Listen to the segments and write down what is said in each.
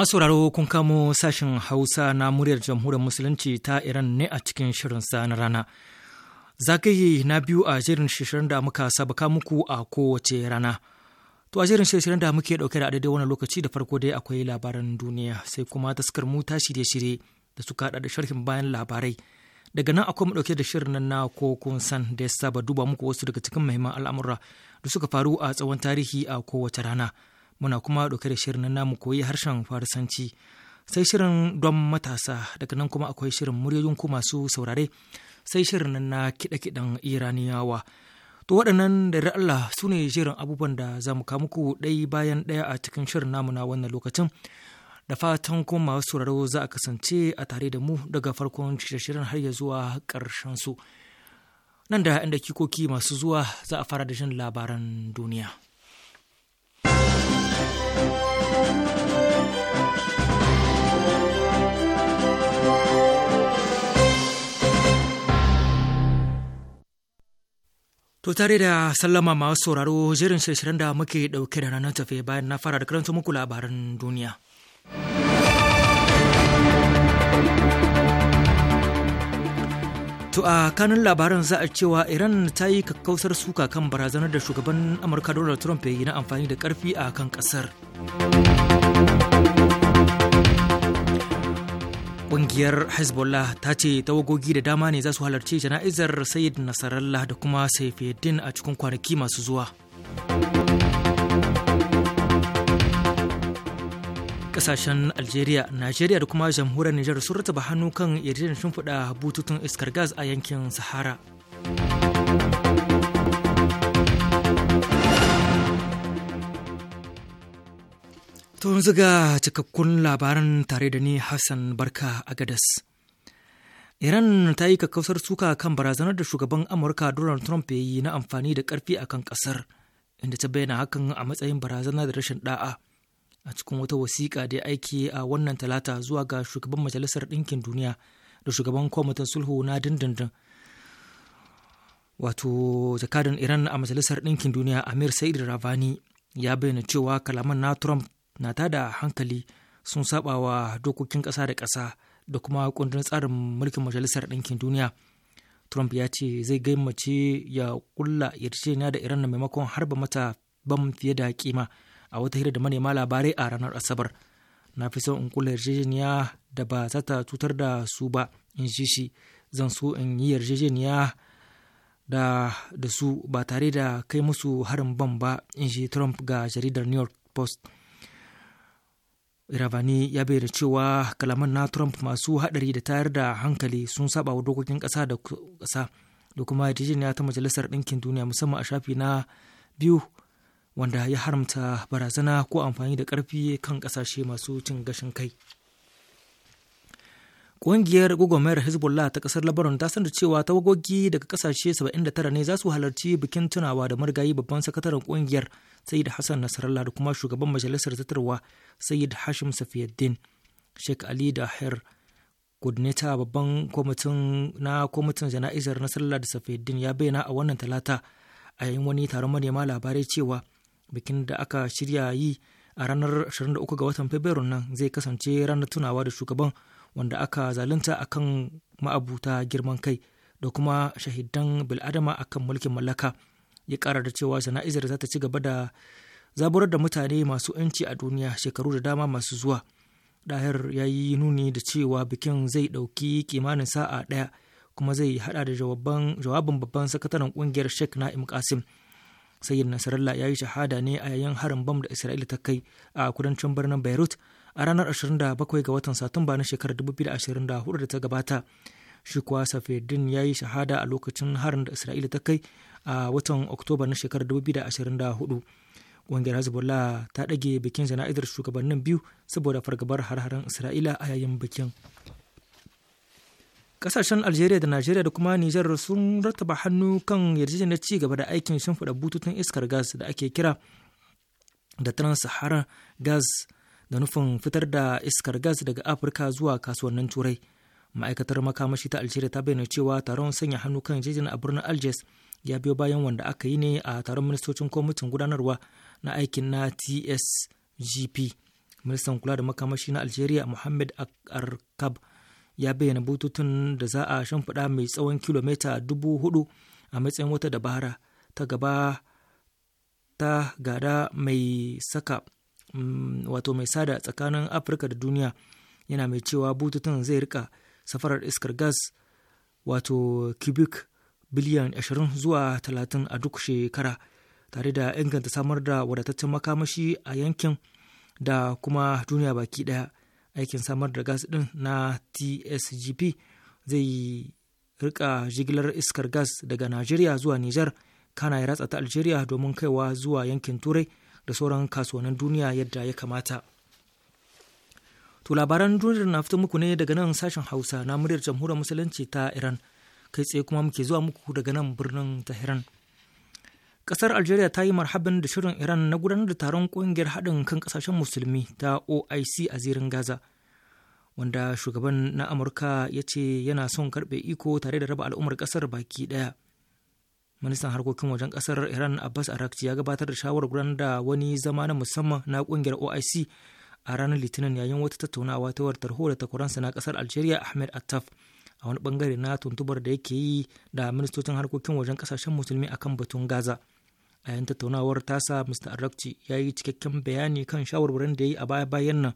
Masu sauraro kun kamo sashen Hausa na muryar jamhuriyar Musulunci ta Iran ne a cikin shirin sa na rana. Zagaye na biyu a jerin shirin da muka sabaka muku a kowace rana. To a jerin shirin da muke dauke da daidai wani lokaci da farko dai akwai labaran duniya sai kuma taskar mu ta shirye-shirye da suka hada da sharhin bayan labarai. Daga nan akwai mu dauke da shirin nan na ko kun san da ya saba duba muku wasu daga cikin muhimman al'amura da suka faru a tsawon tarihi a kowace rana. muna kuma ɗauke da shirin namu koyi harshen farisanci sai shirin don matasa daga nan kuma akwai shirin muryoyin ku masu saurare sai shirin na kiɗe-kiɗen iraniyawa to waɗannan da Allah su ne shirin abubuwan da za mu muku ɗai bayan ɗaya a cikin shirin namu na wannan lokacin da fatan kuma masu sauraro za a kasance a tare da mu daga farkon shirin har ya zuwa ƙarshen su nan da 'yan kikoki masu zuwa za a fara da jin labaran duniya. To tare da sallama masu sauraro jerin shirye da muke ɗauke da ranar tafe bayan na fara da karanta muku labaran duniya. To a kanin labaran za a cewa Iran ta yi kakkausar suka kan barazanar da shugaban Amurka Donald Trump ya yi na amfani da ƙarfi a kan ƙasar. Ƙungiyar Hezbollah ta ce tawagogi da dama ne za su halarci jana'izar Sayyid Nasarallah da kuma Saifeddin a cikin kwanaki masu zuwa. Ƙasashen Algeria, Najeriya da kuma jamhuriyar Nijar sun rataba hannu kan yarjejeniyar shimfiɗa bututun iskar gas a yankin Sahara. To yanzu ga cikakkun labaran tare da ni Hassan Barka a Gadas. Iran ta yi kakkausar suka kan barazanar da shugaban Amurka Donald Trump ya yi na amfani da ƙarfi a kan ƙasar, inda ta bayyana hakan a matsayin barazana da rashin ɗa'a. A cikin wata wasiƙa da ya aiki a wannan talata zuwa ga shugaban Majalisar Ɗinkin Duniya da shugaban kwamitin sulhu na dindindin. Wato jakadan Iran a Majalisar Ɗinkin Duniya Amir Said Ravani ya bayyana cewa kalaman na Trump na tada hankali sun sabawa dokokin ƙasa da ƙasa da kuma kundin tsarin mulkin majalisar ɗinkin duniya trump ya ce zai gaimace ya kulla yarjejeniya da iran na maimakon harba mata bam fiye da kima a wata hira da manema labarai a ranar asabar na fi son in kula yarjejeniya da ba za ta cutar da su ba in ji shi zan so in yi yarjejeniya da da su ba tare da kai musu harin bam ba in ji trump ga jaridar new york post Iravani ya bayyana cewa kalaman na Trump masu haɗari da tayar da hankali sun saba wa dokokin kasa da ƙasa da kuma yarjejeniya ta Majalisar Ɗinkin Duniya musamman a shafi na biyu wanda ya haramta barazana ko amfani da ƙarfi kan ƙasashe masu cin gashin kai. Ƙungiyar gwagwarmayar Hezbollah ta ƙasar Lebanon ta sanar cewa wagogi daga ƙasashe 79 ne za su halarci bikin tunawa da marigayi babban sakataren ƙungiyar Sayyid Hassan Nasrallah da kuma shugaban majalisar zatarwa Sayyid Hashim safiyaddin Sheikh Ali Dahir Gudneta babban kwamitin na kwamitin jana'izar Nasrallah da Safiyaddin ya bayyana a wannan talata a yayin wani taron manema labarai cewa bikin da aka shirya yi a ranar 23 ga watan Fabrairu nan zai kasance ranar tunawa da shugaban wanda aka zalunta akan ma'abuta girman kai da kuma shahidan bil'adama akan mulkin mallaka ya kara da cewa sana'izar za ta ci gaba da zaburar da mutane masu 'yanci a duniya shekaru da dama masu zuwa dahir ya yi nuni da cewa bikin zai ɗauki kimanin sa'a ɗaya kuma zai hada da jawabin babban sakataren kungiyar sheikh na'im kasim sayyid nasarallah ya yi shahada ne a yayin harin bam da isra'ila ta kai a kudancin birnin beirut a ranar 27 ga watan satumba na shekarar 2024 da ta gabata shi kuwa safedin ya yi shahada a lokacin harin da isra'ila ta kai a watan oktoba na shekarar 2024 ƙungiyar hezbollah ta ɗage bikin jana'izar shugabannin biyu saboda fargabar har-haren isra'ila a yayin bikin ƙasashen algeria da nigeria da kuma nijar sun rattaba hannu kan yarjejeniyar ci gaba da aikin shimfiɗa bututun iskar gas da ake kira da trans-saharan gas da nufin fitar da iskar gas daga afirka zuwa kasuwannin turai ma'aikatar makamashi ta algeria ta bayyana cewa taron sanya hannu kan jejin a birnin algiers ya biyo bayan wanda aka yi ne a taron ministocin kwamitin gudanarwa na aikin na tsgp ministan kula da makamashi na algeria mohammed arkab ya bayyana bututun da za a shimfiɗa mai tsawon kilomita dubu hudu a matsayin wata dabara ta gaba ta gada mai saka Mm, wato mai sada tsakanin afirka da duniya yana mai cewa bututun zai rika safarar iskar gas wato cubic biliyan 20 zuwa 30 a duk shekara tare da inganta samar da wadataccen makamashi a yankin da kuma duniya baki daya aikin samar da gas din na tsgp zai rika jigilar iskar gas daga najeriya zuwa niger kana ya ratsa ta algeria domin kaiwa zuwa yankin turai da sauran kasuwannin duniya yadda ya kamata. To labaran duniyar na fito muku ne daga nan sashen Hausa na muryar jamhuriyar musulunci ta Iran kai tsaye kuma muke zuwa muku daga nan birnin tahiran Kasar Algeria ta yi marhaban da shirin Iran na gudanar da taron kungiyar haɗin kan kasashen musulmi ta OIC a zirin Gaza. Wanda shugaban na Amurka ya ce yana son karɓe iko tare da raba al'ummar ƙasar baki ɗaya. ministan harkokin wajen kasar iran abbas arakci ya gabatar da shawar gudanar da wani zama na musamman na kungiyar oic a ranar litinin yayin wata tattaunawa ta wayar tarho da takwaransa na kasar algeria ahmed attaf a wani bangare na tuntubar da yake yi da ministocin harkokin wajen kasashen musulmi akan batun gaza a yayin tattaunawar tasa mr arakci ya yi cikakken bayani kan shawarwarin da ya yi a baya bayan nan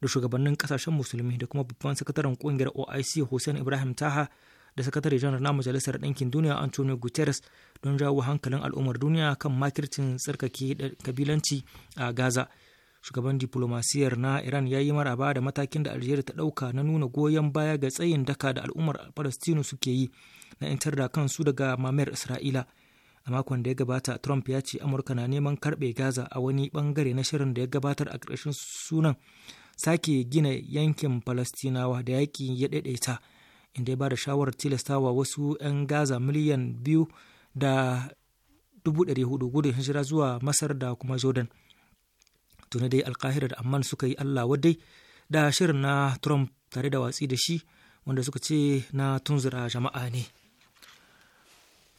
da shugabannin kasashen musulmi da kuma babban sakataren kungiyar oic hussein ibrahim taha da sakatare janar na majalisar ɗinkin duniya antonio guterres don jawo hankalin al'ummar duniya kan makircin tsarkake kabilanci a gaza shugaban diplomasiyar na iran ya yi maraba da matakin da algeria ta ɗauka na nuna goyon baya ga tsayin daka da al'ummar palestino suke yi na intar da kansu daga mamayar isra'ila a makon da ya gabata trump ya ce amurka na neman karbe gaza a wani bangare na shirin da ya gabatar a ƙarshen sunan sake gina yankin palestinawa da yaƙi ya ɗaiɗaita inda ya ba da shawarar tilastawa wasu 'yan gaza miliyan biyu da dubu gudun hijira zuwa masar da kuma jordan tuni dai alkahira da amman suka yi allah wadai da shirin na trump tare da watsi da shi wanda suka ce na tunzura jama'a ne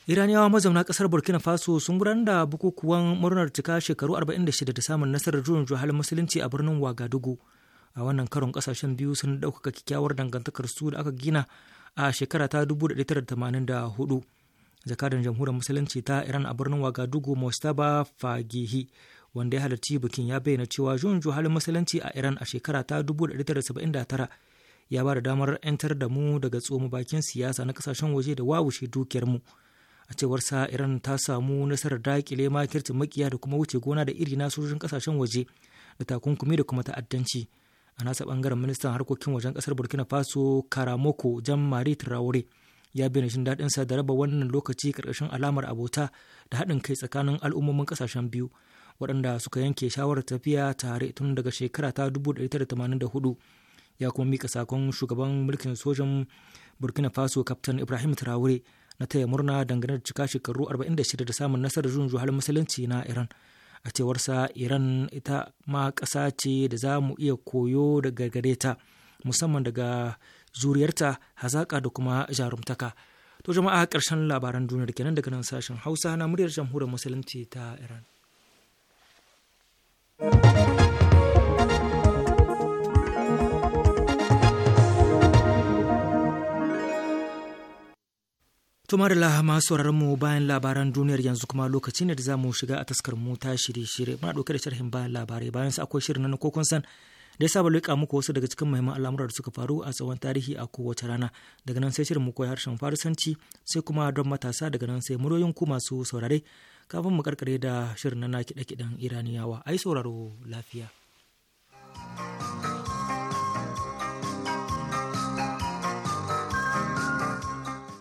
Iraniyawa mazauna kasar Burkina Faso sun gudanar da bukukuwan murnar cika shekaru 46 da samun nasarar juyin juhalin musulunci a birnin Wagadugu a wannan karon kasashen biyu sun ɗaukaka kyakkyawar dangantakar su da aka gina a shekara ta 1984 jakadan jamhuriyar musulunci ta iran a birnin wagadugu mustapha fagihi wanda ya halarci bikin ya bayyana cewa jun halin musulunci a iran a shekara ta 1979 ya ba da damar 'yantar da mu daga tsoma bakin siyasa na kasashen waje da wawushe mu a cewar sa iran ta samu nasarar dakile makircin makiya da kuma wuce gona da iri na sojojin kasashen waje da takunkumi da kuma ta'addanci a nasa bangaren ministan harkokin wajen kasar burkina faso karamoko jan mari traore ya bayyana jin daɗin sa da raba wannan lokaci karkashin alamar abota da haɗin kai tsakanin al'ummomin kasashen biyu waɗanda suka yanke shawarar tafiya tare tun daga shekara ta 1984 ya kuma mika sakon shugaban mulkin sojan burkina faso kaftan ibrahim traore na taya murna dangane da cika shekaru 46 da samun nasarar jun juhar musulunci na iran a cewarsa iran ita ma ƙasa ce da za mu iya koyo daga gare ta musamman daga zuriyarta hazaƙa da kuma jarumtaka to jama'a ƙarshen labaran duniyar kenan daga nan sashen hausa na muryar jamhuriyar musulunci ta iran Tumar lahama sauraron mu bayan labaran duniyar yanzu kuma lokaci ne da za mu shiga a taskar mu ta shirye-shirye. Muna ɗauke da sharhin bayan labarai bayan su akwai shirin na kokon san da ya saba leƙa muku wasu daga cikin mahimman al'amuran da suka faru a tsawon tarihi a kowace rana. Daga nan sai shirin mu koyi harshen Farisanci sai kuma don matasa daga nan sai muryoyin ku masu saurare kafin mu karkare da shirin na kiɗe-kiɗen Iraniyawa. Ai sauraro lafiya.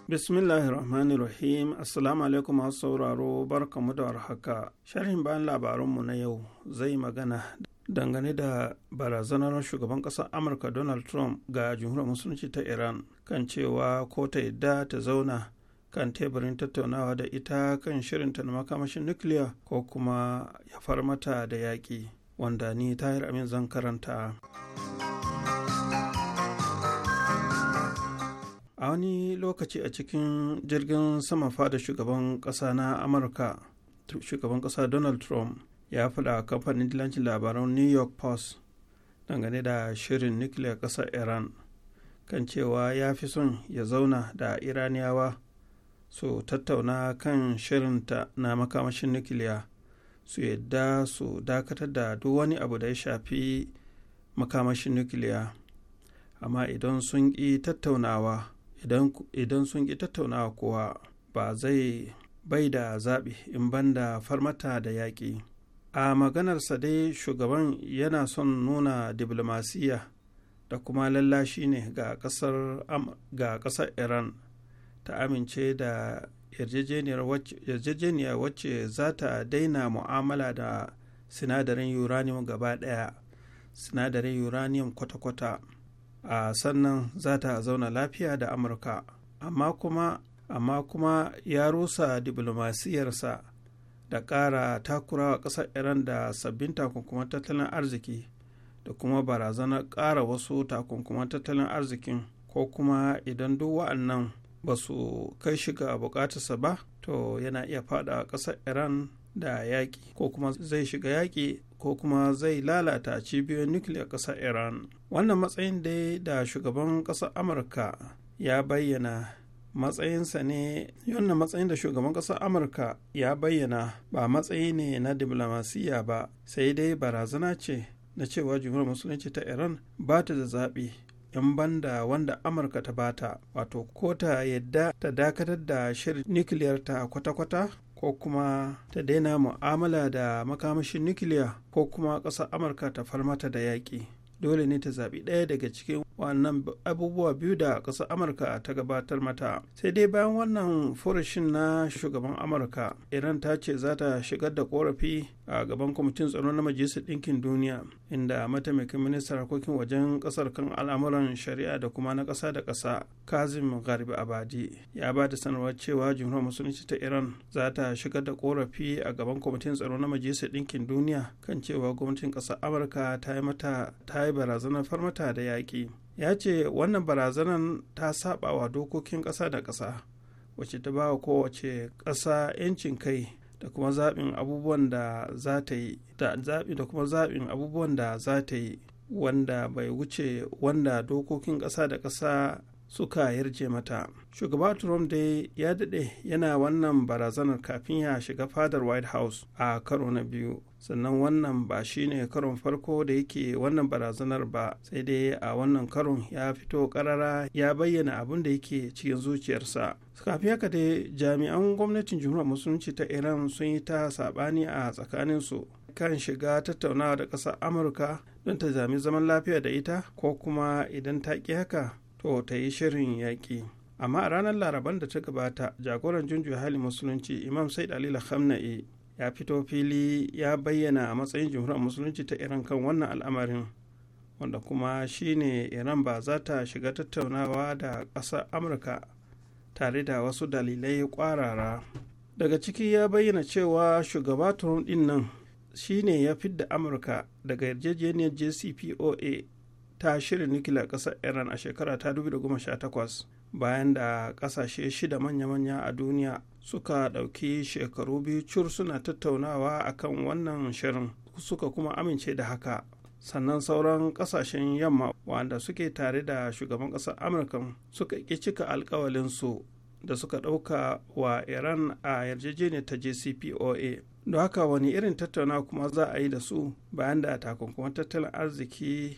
Bismillahirrahmanirrahim assalamu alaikum masu sauraro barkamu da warhaka sharhin bayan mu na yau zai magana dangane da barazanar shugaban ƙasar amurka donald trump ga jamhuriyar musulunci ta iran kan cewa ko ta yadda ta zauna kan teburin tattaunawa da ita kan shirinta na makamashin nukiliya ko kuma ya far mata da yaƙi wanda ni tahir amin zan karanta. a wani lokaci a cikin jirgin sama fada shugaban ƙasa na amurka shugaban ƙasa donald trump ya faɗa kamfanin dilancin labaran new york post dangane da shirin nukiliyar ƙasa iran kan cewa ya fi son ya zauna da iraniyawa su tattauna kan shirinta na makamashin nukiliya su yadda su dakatar da duk wani abu da ya shafi makamashin nukiliya amma idan sun ƙi tattaunawa idan sun ƙi tattaunawa kowa ba zai bai da zaɓi in banda farmata da yaƙi a maganarsa dai shugaban yana son nuna diplomasiya da kuma lallashi ne ga ƙasar iran ta amince da yarjejeniyar wacce za ta daina mu'amala da sinadarin uranium gaba ɗaya sinadarin uranium kwata-kwata a sannan za ta zauna lafiya da amurka amma kuma amma kuma ya rusa diplomasiyarsa da ƙara takurawa ƙasar iran da sabbin takunkuman tattalin arziki da kuma barazanar ƙara wasu takunkuman tattalin arzikin ko kuma idan duk wa'annan ba su kai shiga buƙatarsa ba to yana iya fada ƙasar iran da yaƙi ko kuma zai shiga yaƙi ko kuma zai lalata cibiyoyin nukiliyar ƙasar iran wannan matsayin dai da shugaban ƙasar amurka ya bayyana matsayinsa ne yana matsayin da shugaban ƙasar amurka ya bayyana ba matsayi ne na diplomasiya ba sai dai barazana ce na cewa jumhuriyar musulunci ta iran ba ta da zaɓi in banda wanda amurka ta bata wato ko ta yadda ta dakatar da shirin nukiliyar ta kwata-kwata ko kuma ta daina mu'amala da makamashin nukiliya ko kuma ƙasar amurka ta farmata da yaƙi dole ne ta zaɓi ɗaya daga cikin wannan abubuwa biyu da ƙasar amurka ta gabatar mata sai dai bayan wannan furushin na shugaban amurka iran ta ce za ta shigar da ƙorafi a gaban kwamitin tsaro na majalisar ɗinkin duniya inda mataimakin ministan harkokin wajen ƙasar kan al'amuran shari'a da kuma na ƙasa da ƙasa kazim garbi abadi ya ba da sanarwar cewa jumhuriyar musulunci ta iran za ta shigar da korafi a gaban kwamitin tsaro na majalisar ɗinkin duniya kan cewa gwamnatin ƙasar amurka ta yi mata ta yi barazanar farmata da yaƙi ya ce wannan barazanar ta saɓa wa dokokin ƙasa da ƙasa wace ta ba wa kowace ƙasa 'yancin kai da kuma zaɓin abubuwan da za ta yi da kuma zaɓin abubuwan da za ta yi wanda bai wuce wanda dokokin ƙasa da ƙasa suka yarje mata shugaba trump dai ya daɗe yana wannan barazanar kafin ya shiga fadar white house a karo na biyu sannan wannan ba shine karon farko da yake wannan barazanar ba sai dai a wannan karon ya fito karara ya bayyana abin da yake cikin zuciyarsa kafin haka dai jami'an gwamnatin jihar musulunci ta iran sun yi ta sabani a tsakanin su kan shiga tattaunawa da ƙasar amurka don ta zami zaman lafiya da ita ko kuma idan ta ki haka to ta yi shirin yaƙi amma a ranar laraban da ta gabata jagoran junju hali musulunci imam sai alila khamna'i ya fito fili ya bayyana a matsayin jihunan musulunci ta iran kan wannan al'amarin wanda kuma shine iran ba za ta shiga tattaunawa da ƙasar amurka tare da wasu dalilai ƙwarara daga ciki ya bayyana cewa shugaba trump din nan shine ya fidda amurka daga yarjejeniyar jcpoa ta shirin nukiliyar ƙasar iran a shekara ta 2018 bayan da kasashe shida manya-manya a duniya suka ɗauki shekaru biyu cur suna tattaunawa akan wannan shirin suka kuma amince da haka sannan sauran kasashen yamma wanda suke tare da shugaban ƙasar amurka suka ƙi cika alkawalinsu da suka ɗauka wa iran a yarjejeniyar ta jcpoa don haka wani irin tattauna kuma za a yi da su bayan da takunkuma tattalin arziki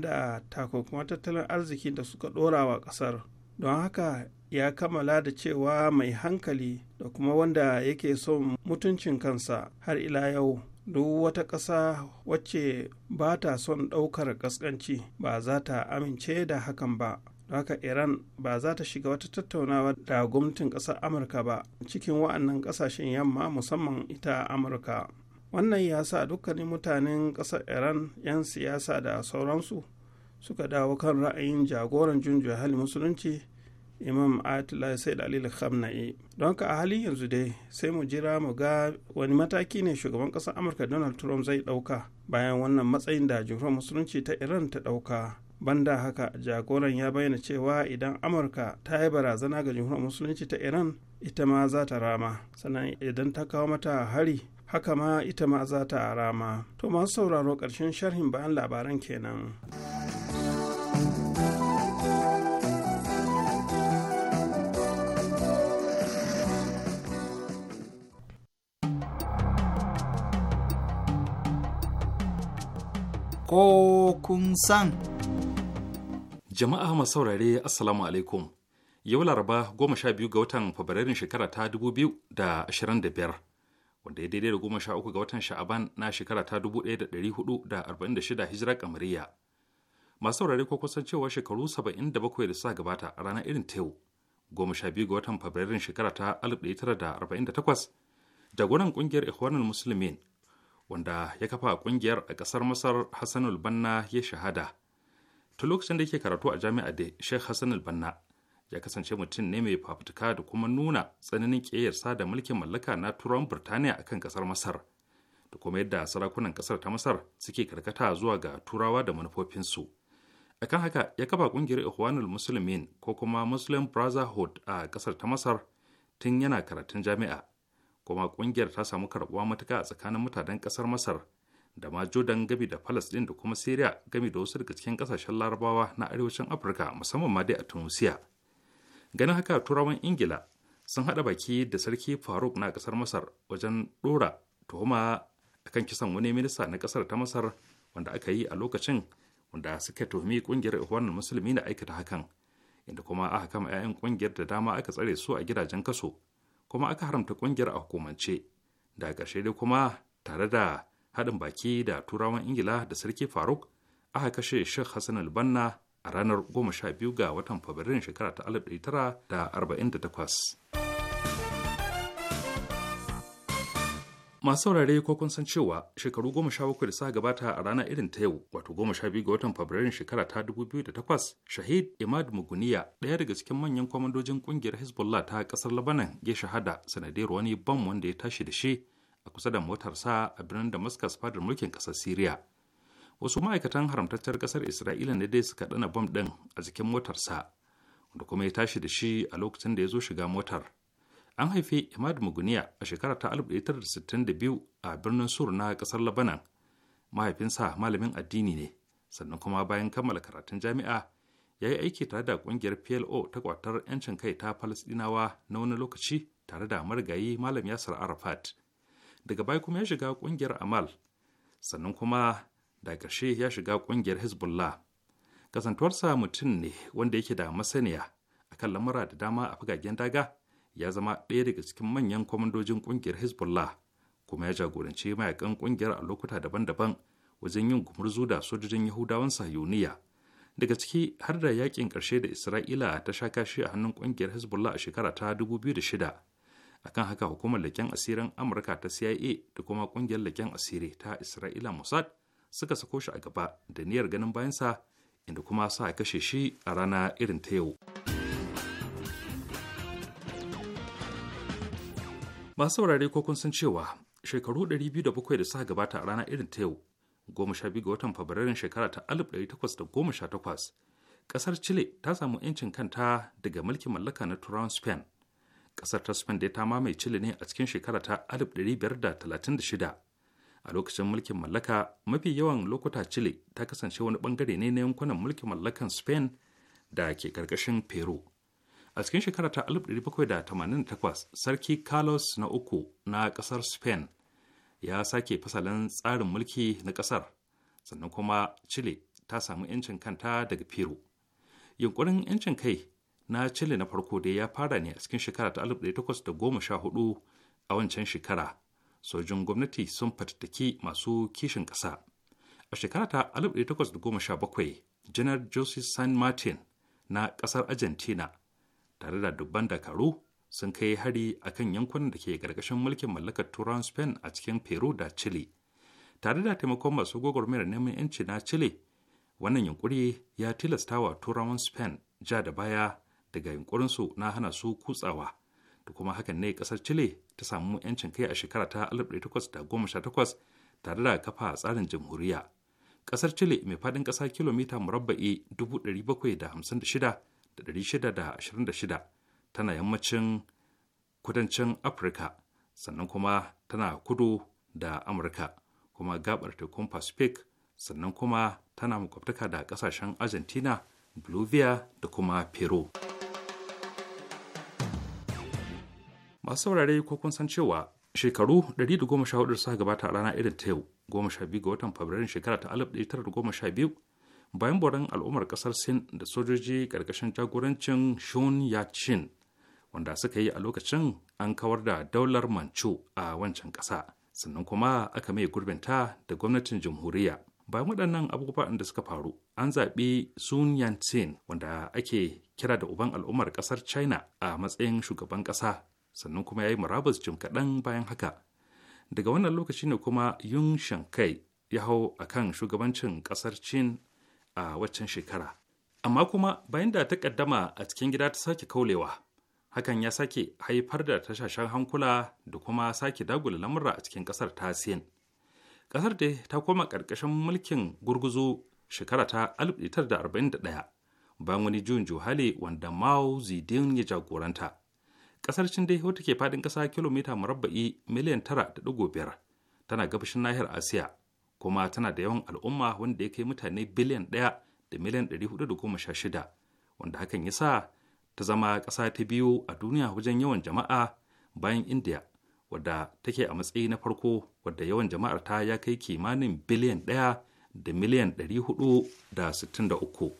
da tattalin arziki da suka ɗora wa ƙasar don haka ya kammala da cewa mai hankali da kuma wanda yake son mutuncin kansa har ila yau duk wata ƙasa wacce ba ta son ɗaukar ƙasƙanci ba za ta amince da hakan ba haka iran ba za ta shiga wata tattaunawa da gwamnatin ƙasar amurka ba cikin wa'annan ƙasashen yamma musamman ita amurka wannan ya sa dukkanin mutanen ƙasar iran 'yan siyasa da sauransu suka dawo kan ra'ayin jagoran junjiya hali musulunci imam atila da alila khamna'i don ka a halin yanzu dai sai mu jira mu ga wani mataki ne shugaban ƙasar amurka donald trump zai ɗauka bayan wannan matsayin da jumhuriyar musulunci ta iran ta ɗauka banda haka jagoran ya bayyana cewa idan amurka ta yi barazana ga jumhuriyar musulunci ta iran ita ma za ta rama sannan idan ta kawo mata hari haka ma ita ma za ta rama to masu sauraro ƙarshen sharhin bayan labaran kenan. ko kun san. Jama'a masu saurare Assalamu alaikum. Yau Laraba goma sha biyu ga watan Fabrairun shekara ta dubu biyu da ashirin da biyar. Wanda ya daidai da goma sha uku ga watan Sha'aban na shekara ta dubu ɗaya da ɗari hudu da arba'in da shida hijira kamariya. Masu saurare ko kusan cewa shekaru saba'in da bakwai da suka gabata a ranar irin ta yau. Goma sha biyu ga watan Fabrairun shekara ta alif ɗaya tara da arba'in da takwas. Jagoran ƙungiyar Ikhwanul Musulmin wanda ya kafa kungiyar a kasar masar hassanul banna ya shahada ta lokacin da yake karatu a jami'a da sheikh hassanul banna ya kasance mutum ne mai fafutuka da kuma nuna tsananin ƙeyarsa da mulkin mallaka na turawan birtaniya a kan kasar masar da kuma yadda sarakunan kasar ta masar suke karkata zuwa ga turawa da manufofinsu akan haka ya kafa kungiyar ikhwanul muslimin ko kuma muslim brotherhood a kasar ta masar tun yana karatun jami'a kuma kungiyar ta samu karbuwa matuka a tsakanin mutanen ƙasar masar da ma jordan gami da palestine da kuma syria gami da wasu daga cikin ƙasashen larabawa na arewacin afirka musamman ma dai a tunisia ganin haka turawan ingila sun haɗa baki da sarki faruk na ƙasar masar wajen ɗora tuhuma kan kisan wani minista na ƙasar ta masar wanda aka yi a lokacin wanda suka tuhumi ƙungiyar ihwanul musulmi na aikata hakan inda kuma aka kama 'ya'yan ƙungiyar da dama aka tsare su a gidajen kaso kuma aka haramta ƙungiyar a hukumance da ƙarshe dai kuma tare da haɗin baki da turawan ingila da sarki faruk aka kashe sheikh hassan albanna a ranar 12 ga watan fabrairun shekara ta 1948 masu saurare ko kun san cewa shekaru goma sha bakwai da suka gabata a ranar irin ta yau wato goma sha biyu ga watan fabrairun shekara ta dubu biyu da takwas shahid imad muguniya ɗaya daga cikin manyan kwamandojin ƙungiyar hezbollah ta ƙasar labanan ya shahada sanadiyar wani bam wanda ya tashi da shi a kusa da motarsa a birnin damascus fadar mulkin ƙasar syria wasu ma'aikatan haramtaccen ƙasar isra'ila ne dai suka ɗana bam ɗin a jikin motarsa wanda kuma ya tashi da shi a lokacin da ya zo shiga motar an haifi Imad Muguniya a shekara ta 1962 a birnin Sur na ƙasar Labanan. Mahaifinsa malamin addini ne, sannan kuma bayan kammala karatun jami'a ya yi aiki tare da ƙungiyar PLO ta kwatar 'yancin kai ta Falasɗinawa na wani lokaci tare da marigayi Malam Yasir Arafat. Daga baya kuma ya shiga kungiyar Amal, sannan kuma da karshe ya shiga ƙungiyar Hezbollah. Kasantuwarsa mutum ne wanda yake da masaniya akan lamura da dama a fagagen daga ya zama ɗaya daga cikin manyan kwamandojin ƙungiyar hezbollah kuma ya jagoranci mayakan ƙungiyar a lokuta daban-daban wajen yin gumurzu da sojojin yahudawan sahiyuniya daga ciki har da yakin ƙarshe da isra'ila ta sha kashi a hannun ƙungiyar hezbollah a shekara ta 2006 akan haka hukumar leƙen asirin amurka ta cia da kuma ƙungiyar leƙen asiri ta isra'ila mossad suka sako shi a gaba da niyyar ganin bayansa inda kuma sa kashe shi a rana irin ta yau. masu saurare ko kun san cewa shekaru 207 da suka gabata a rana irin ta yau goma sha biyu ga watan fabrairun shekara ta 1818 kasar chile ta samu 'yancin kanta daga mulkin mallaka na turawan spain kasar ta spain dai ta mamaye chile ne a cikin shekara ta 1536 a lokacin mulkin mallaka mafi yawan lokuta chile ta kasance wani bangare ne na yankunan mulkin mallakan spain da ke karkashin peru a cikin shekara ta 1788 sarki carlos na uku na kasar spain ya sake fasalin tsarin mulki na kasar sannan kuma chile ta samu 'yancin kanta daga peru yunkurin 'yancin kai na chile na farko dai ya fara ne a cikin shekara ta 1814 a wancan shekara sojin gwamnati sun fatattaki masu kishin kasa a shekara ta 1817 janar jose san martin na kasar argentina tare da dubban dakaru sun kai hari a kan yankunan da ke ƙarƙashin mulkin mallakar turan spain a cikin peru da chile tare da taimakon masu gwagwarmayar neman yanci na chile wannan yunkuri ya tilasta wa turawan spain ja da baya daga yunkurinsu na hana su kutsawa da kuma hakan ne kasar chile ta samu yancin kai a shekara ta 1818 tare da kafa tsarin jamhuriya kasar chile mai faɗin ƙasa kilomita murabba'i 756 1626 tana yammacin kudancin afirka sannan kuma tana kudu da amurka kuma gabar tekun pacific sannan kuma tana makwabtaka da kasashen argentina bolivia da kuma peru masu saurare ko kun san cewa shekaru 114 suka gabata a rana irin ta yau 12 ga watan fabrairun shekara ta 1912 bayan boran al'ummar kasar sin da sojoji karkashin jagorancin shun chin wanda suka yi a lokacin an kawar da daular manchu a wancan kasa sannan kuma aka mai gurbinta da gwamnatin jamhuriya bayan waɗannan abubuwa da suka faru an zaɓi sun wanda ake kira da uban al'ummar ƙasar china a matsayin shugaban ƙasa sannan kuma ya yi murabus jim kaɗan bayan haka daga wannan lokaci ne kuma yun shankai ya hau a akan shugabancin ƙasar chin a waccan shekara amma kuma bayan da ta kaddama a cikin gida ta sake kaulewa hakan ya sake haifar da tashashen hankula da kuma sake dagula lamurra a cikin kasar ta sin kasar da ta koma ƙarƙashin mulkin gurguzu shekara ta 1941 bayan wani juyin juhali wanda mao zedong ya jagoranta kasar cin dai wata ke faɗin ƙasa kilomita murabba'i miliyan 9.5 tana gabashin nahiyar asiya kuma tana da yawan al'umma wanda ya kai mutane biliyan ɗaya da miliyan ɗari hudu da goma sha shida wanda hakan ya sa ta zama ƙasa ta biyu a duniya wajen yawan jama'a bayan indiya wadda take a matsayi na farko wadda yawan jama'ar ta ya kai kimanin biliyan ɗaya da miliyan ɗari hudu da sittin da uku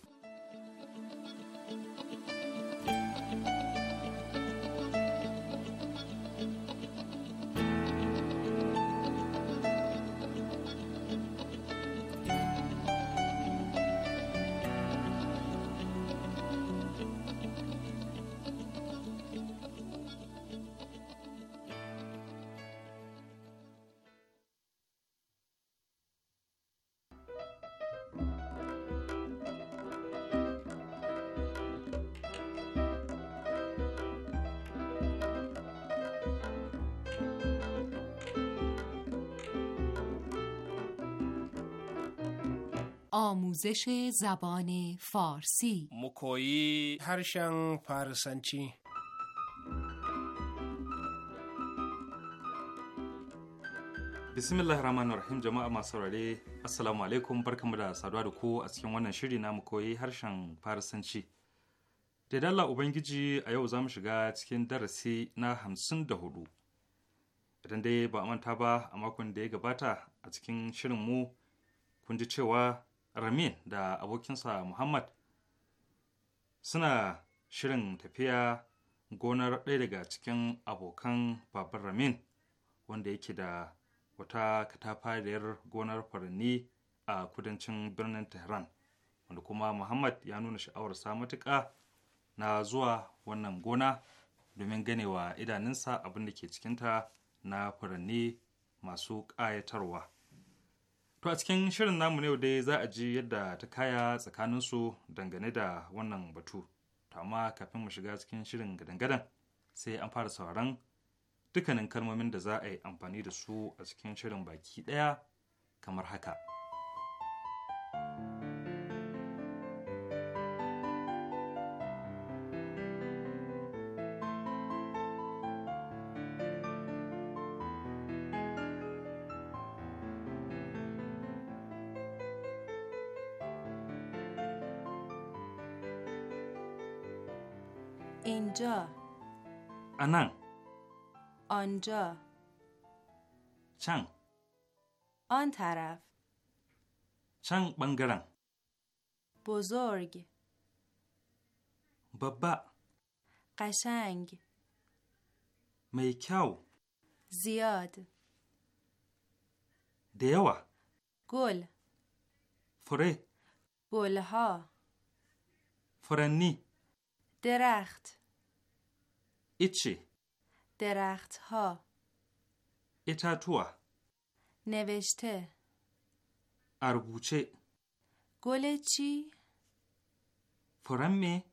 آموزش زبان فارسی مکویی هرشن فارسنچی bismillah rahman rahim jama'a masu saurare assalamu alaikum barkamu da saduwa da ku a cikin wannan shiri na mu koyi harshen farisanci da dalla ubangiji a yau za mu shiga cikin darasi na hamsin da hudu idan dai ba a manta ba a makon da ya gabata a cikin shirin mu kun ji cewa ramin da abokinsa muhammad suna shirin tafiya gonar ɗaya daga cikin abokan babban ramin wanda yake da wata katafariyar gonar furanni a kudancin birnin tehran wanda kuma muhammad ya nuna sha'awarsa matuƙa na zuwa wannan gona domin ganewa idanunsa abin da ke cikinta na furanni masu ƙayatarwa To a cikin shirin namu yau dai za a ji yadda ta kaya tsakanin su dangane da wannan batu. To amma kafin mu shiga cikin shirin gadan-gadan sai an fara sauran dukkanin kalmomin da za a yi amfani da su a cikin shirin baki ɗaya kamar haka. thank you آنجا آنان آنجا چنگ آن طرف چنگ بنگرن بزرگ بابا قشنگ میکاو زیاد دیوا گل فره گلها فرنی درخت ایچی درخت ها نوشته اربوچه گل چی؟ فرمه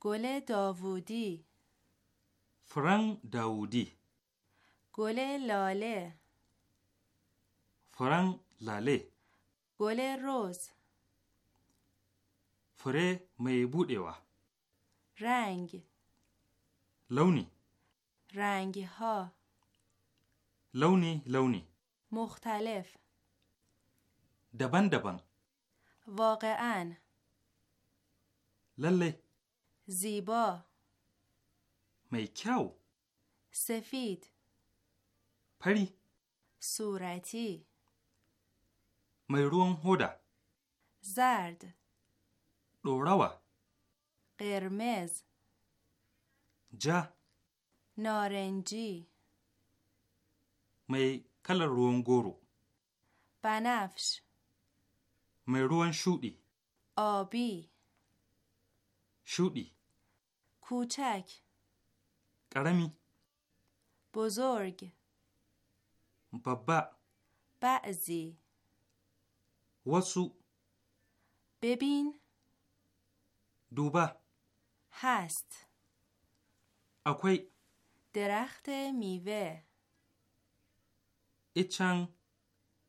گل داوودی فرنگ داوودی گل لاله فرنگ لاله گل روز فره میبوده و رنگ لونی رنگ ها لونی لونی مختلف دبن دبن واقعا لله زیبا میکاو سفید پری صورتی میرون هودا زرد دوراوا قرمز ja Narenji. mai kalar ruwan goro banafsh mai ruwan shuɗi. obi shudi kucak Ƙarami. bozorg babba ba'zi wasu bibin duba hast akwai Dirachte miwe. Ichan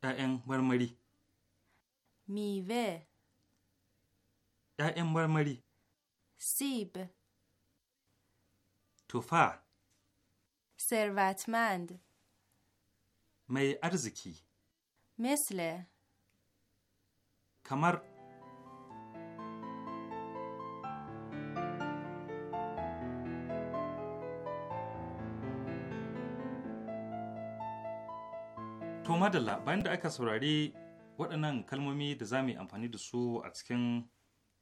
‘ya’yan marmari. Miwe. ‘ya’yan marmari. Sib. Tufa. Servatmand. Mai arziki. Misle. Kamar. To madalla bayan da aka saurari waɗannan kalmomi da za mu yi amfani da su a cikin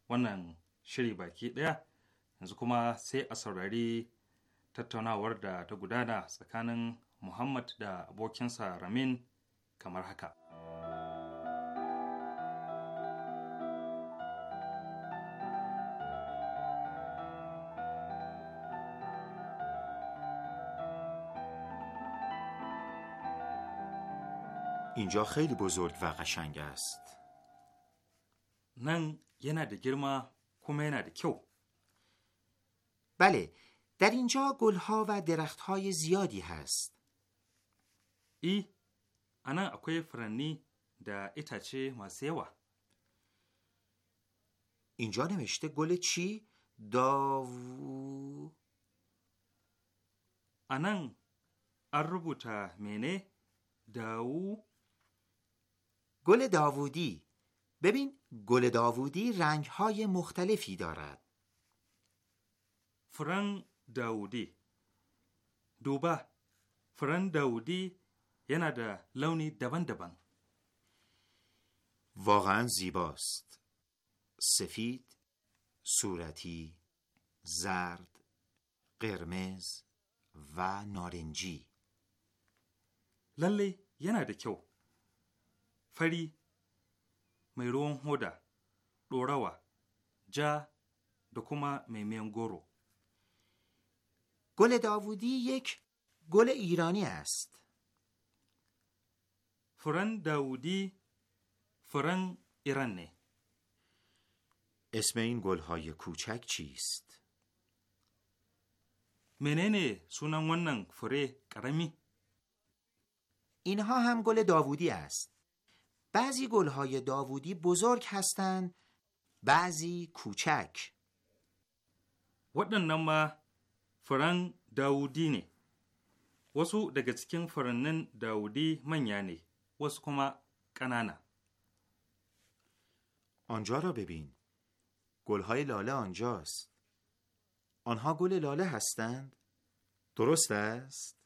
wannan shiri baki ɗaya yanzu kuma sai a saurari tattaunawar da ta gudana tsakanin Muhammad da abokinsa Ramin kamar haka. اینجا خیلی بزرگ و قشنگ است. نن یه نده گرما کمه نده کیو. بله، در اینجا گلها و درختهای زیادی هست. ای، انا اکوی فرنی دا ایتاچه ماسیوا. اینجا نوشته گل چی؟ داو انان ار تا مینه داو... گل داوودی ببین گل داوودی رنگ های مختلفی دارد فرن داودی دوبه فرن داوودی یه دا لونی دبن دبن واقعا زیباست سفید صورتی زرد قرمز و نارنجی للی یعنی دا کیو فری mai هودا hoda, جا ja da kuma گورو گل داوودی یک گل ایرانی است. فرن داوودی فرن ایرانه. اسم این های کوچک چیست؟ مننه سونم ونن فره کرمی؟ اینها هم گل داوودی است. بعضی گلهای داوودی بزرگ هستند بعضی کوچک waɗannan فرن فرن نه واسو وسو دگه فرنن داودی dawudi manya ne وسو کنانا آنجا را ببین گلهای لاله آنجاست آنها گل لاله هستند درست است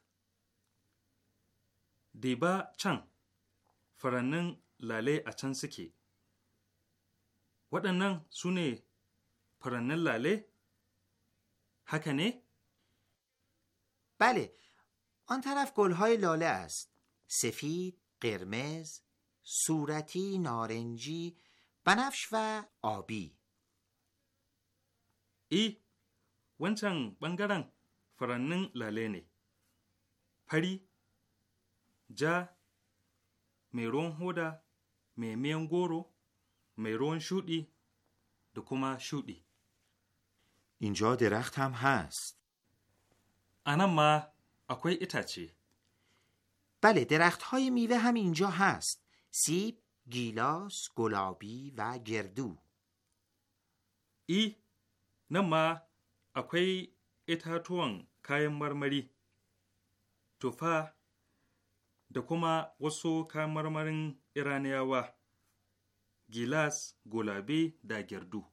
دیبا چن؟ فرنن lale a can suke waɗannan su ne furannin lale haka ne bale آن طرف گلهای لاله است سفید، قرمز، صورتی، نارنجی، بنفش و آبی wancan ɓangaren furannin lale ne fari ja mai ruwan hoda mai گورو، goro mai ruwan shuɗi da kuma اینجا درخت هم هست. انا ما اکوی ایتاچی. بله درخت های میوه هم اینجا هست. سیب، گیلاس، گلابی و گردو. ای نما اکوی ایتاتوان کایم مرمری. توفا دکوما وسو کایم مرمرین iraniyawa گیلاس گلابی در گردو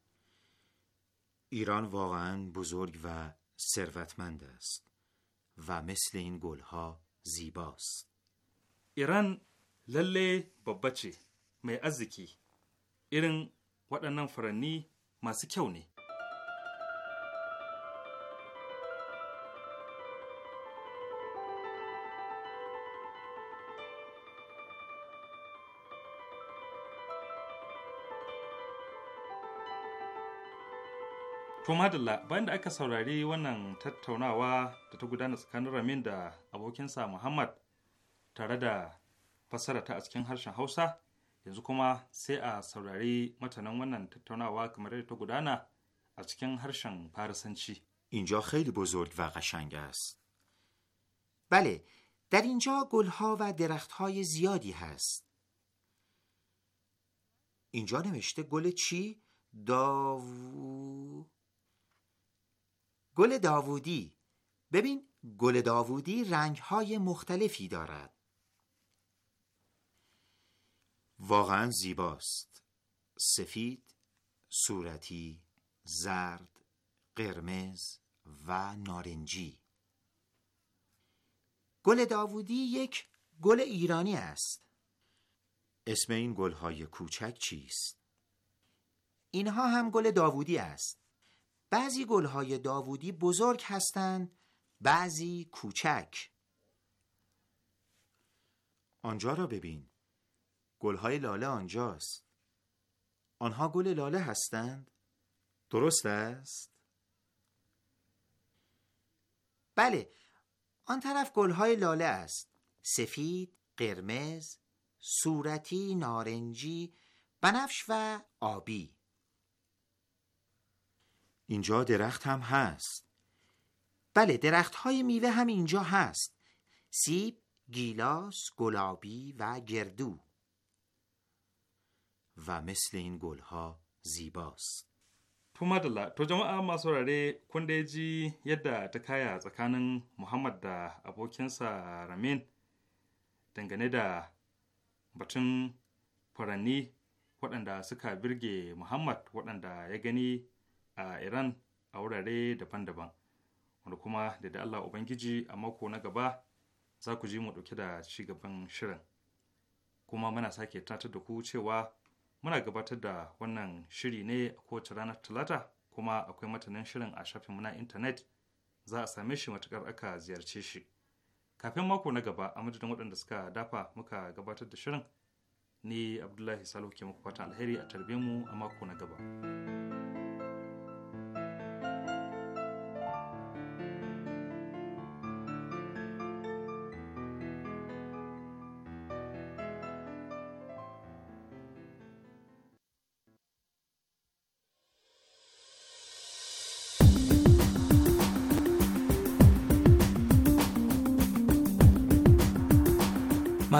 ایران واقعا بزرگ و ثروتمند است و مثل این گلها زیباست ایران لله بابچه می ازکی ایران waɗannan furanni masu kyau ne. To madalla bayan da aka saurari wannan tattaunawa da ta gudana tsakanin Ramin da abokinsa Muhammad tare da fassara ta a cikin harshen Hausa yanzu kuma sai a saurari matanan wannan tattaunawa kamar yadda ta gudana a cikin harshen Farisanci. اینجا خیلی بزرگ و قشنگ است. بله، در اینجا گلها و درختهای زیادی هست. اینجا نوشته گل چی؟ داو... گل داوودی ببین گل داوودی های مختلفی دارد واقعا زیباست سفید صورتی زرد قرمز و نارنجی گل داوودی یک گل ایرانی است اسم این گلهای کوچک چیست؟ اینها هم گل داوودی است بعضی گلهای داوودی بزرگ هستند بعضی کوچک آنجا را ببین گلهای لاله آنجاست آنها گل لاله هستند درست است بله آن طرف گلهای لاله است سفید قرمز صورتی نارنجی بنفش و آبی اینجا درخت هم هست بله درخت های میوه هم اینجا هست سیب، گیلاس، گلابی و گردو و مثل این گل ها زیباست تو مدلا تو جمع اما سراره کنده جی یده تکایا زکانن محمد دا ابوکین رمین دنگنه دا بطن پرانی وطن دا سکا برگی محمد وطن دا یگنی a iran a wurare daban-daban wanda kuma da da allah ubangiji a mako na gaba za ku ji mu ɗauke da ci gaban shirin kuma muna sake tatar da ku cewa muna gabatar da wannan shiri ne a kowace ranar talata kuma akwai matanin shirin a shafinmu na intanet za a same shi matukar aka ziyarce shi kafin mako na gaba a madadin waɗanda suka dafa muka gabatar da shirin ni abdullahi salo ke muku fatan alheri a tarbe mu a mako na gaba.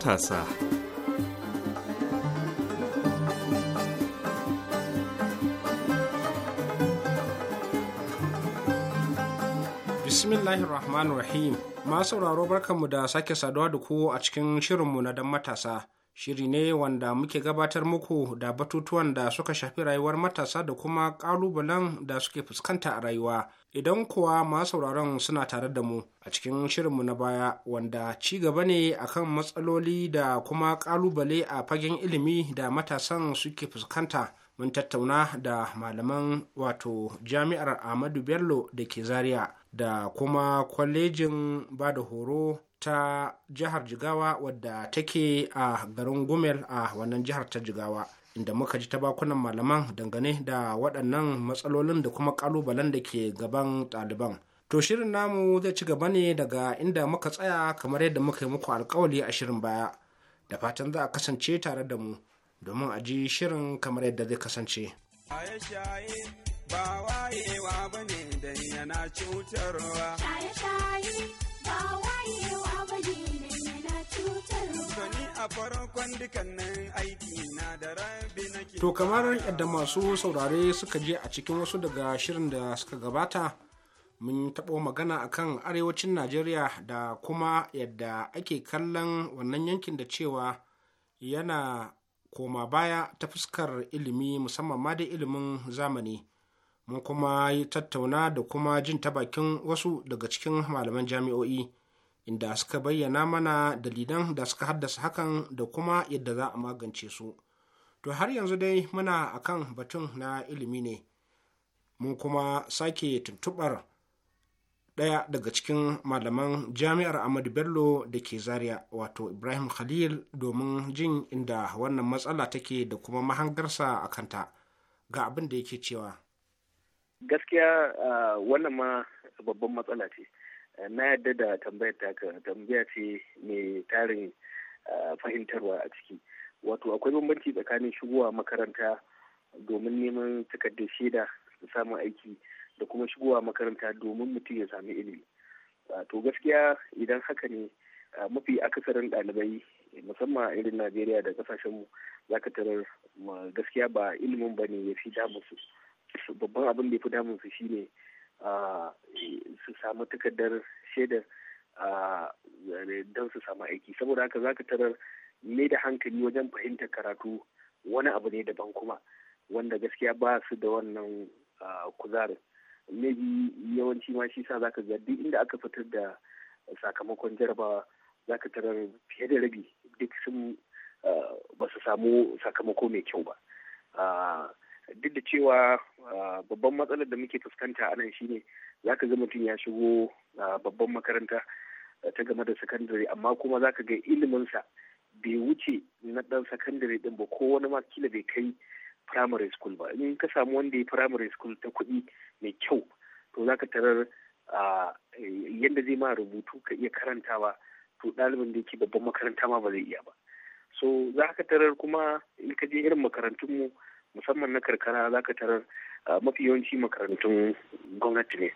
matasa. Bismillahir Rahmanir Rahim. Masu sauraro barkanmu da sake saduwa da ku a cikin shirinmu na dan matasa. shiri ne wanda muke gabatar muku da batutuwan da suka shafi rayuwar matasa da kuma ƙalubalen da suke fuskanta a rayuwa idan kuwa ma sauraron suna tare da mu a cikin shirinmu na baya wanda ci gaba ne akan matsaloli da kuma ƙalubale a fagen ilimi da matasan suke fuskanta mun tattauna da malaman wato jami'ar ahmadu bello da ke zaria da kuma kwalejin ba da horo ta jihar jigawa wadda take a garin gumel a wannan jihar ta jigawa inda muka ji ta bakunan malaman dangane da waɗannan matsalolin da kuma ƙalubalen da ke gaban ɗaliban to shirin namu zai ci gaba ne daga inda muka tsaya kamar yadda muka yi muku alkawali a shirin baya da fatan za a kasance tare da mu domin a ji shirin kamar yadda zai kasance Shaye-shaye ba wayewa bane dan yana cutarwa shaye-shaye ba wayewa to kamar yadda masu saurare suka je a cikin wasu daga shirin da suka gabata mun taɓo magana akan arewacin najeriya da kuma yadda ake kallon wannan yankin da cewa yana koma baya ta fuskar ilimi musamman ma da ilimin zamani mun kuma yi tattauna da kuma jin ta bakin wasu daga cikin malaman jami'o'i inda suka bayyana mana dalilan da suka haddasa hakan da kuma yadda za a magance su to har yanzu dai muna akan batun na ilimi ne mun kuma sake tuntubar ɗaya daga cikin malaman jami'ar ahmadu bello da ke zaria wato ibrahim khalil domin jin inda wannan matsala take da kuma mahangarsa a kanta ga abin da yake cewa gaskiya ah, wannan ma babban matsala ce Eh, na yadda da tambayar ta ka tambaya ce mai tarin eh, fahimtarwa a ciki wato akwai bambanci tsakanin shigowa makaranta domin neman takardar shaida da samun aiki da kuma shigowa makaranta domin mutum ya sami ilimi to gaskiya idan haka ne mafi akasarin ɗalibai musamman a irin najeriya da mu za ka tarar gaskiya ba ilimin ba ne ya fi damunsu babban abin da ya fi damunsu shine su samu takardar shaidar don su samu aiki saboda haka za ka tarar mai da hankali wajen fahimtar karatu wani abu ne daban kuma wanda gaskiya ba su da wannan kuzarin maybe yawanci ma shi sa za ka duk inda aka fitar da sakamakon jarabawa za ka tarar fiye da rabi duk sun ba su samu sakamako mai kyau ba duk da cewa ah, babban matsalar da muke fuskanta a nan shine za ka ga mutum ya shigo ah, babban makaranta ah, ta game da sakandare amma kuma za ka ga iliminsa bai wuce na dan sakandare din ba ko wani makila bai kai primary school ba in ka samu wanda ya primary school ta kuɗi mai kyau to za ka tarar yadda zai ma rubutu ka iya karantawa to ɗalibin da yake babban makaranta ma ba zai iya ba so za ka tarar kuma in ka je irin makarantunmu musamman na karkara za ka tarar ah, mafi yawanci makarantun gwamnati ne.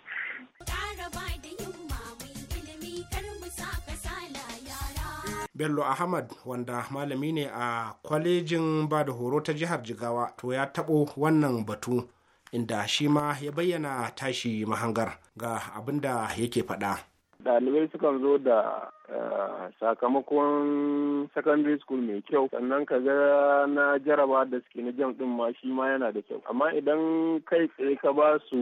Bello Ahmad wanda malami ne a kwalejin ba da horo ta jihar Jigawa to ya taɓo wannan batu inda shi ma ya bayyana tashi mahangar ga abin da yake faɗa. Ɗalibai sukan zo da Eh, sakamakon secondary school mai kyau sannan ka ga na jaraba da suke na jam din ma shi ma yana da kyau amma idan kai tsaye ka ba su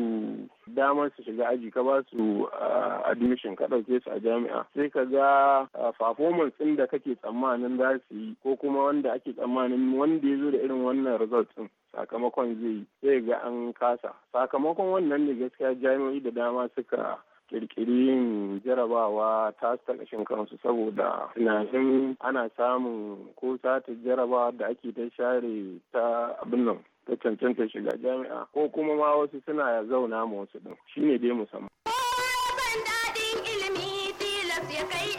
damar su shiga aji ka ba su eh, admission ka ɗauke su a jami'a sai ka ga eh, performance ɗin da kake tsammanin za su yi ko kuma wanda ake tsammanin wanda ya zo da irin wannan result ɗin sakamakon zai yi sai ga an kasa sakamakon wannan ne gaskiya jami'o'i da dama suka Kirkirin jarabawa ta saka kashin saboda tunanin ana samun ko sata jarabawa da ake ta share ta abin nan ta cancanta shiga jami'a ko kuma ma wasu suna zauna ma wasu din shine dai musamman. ilimi tilas ya kai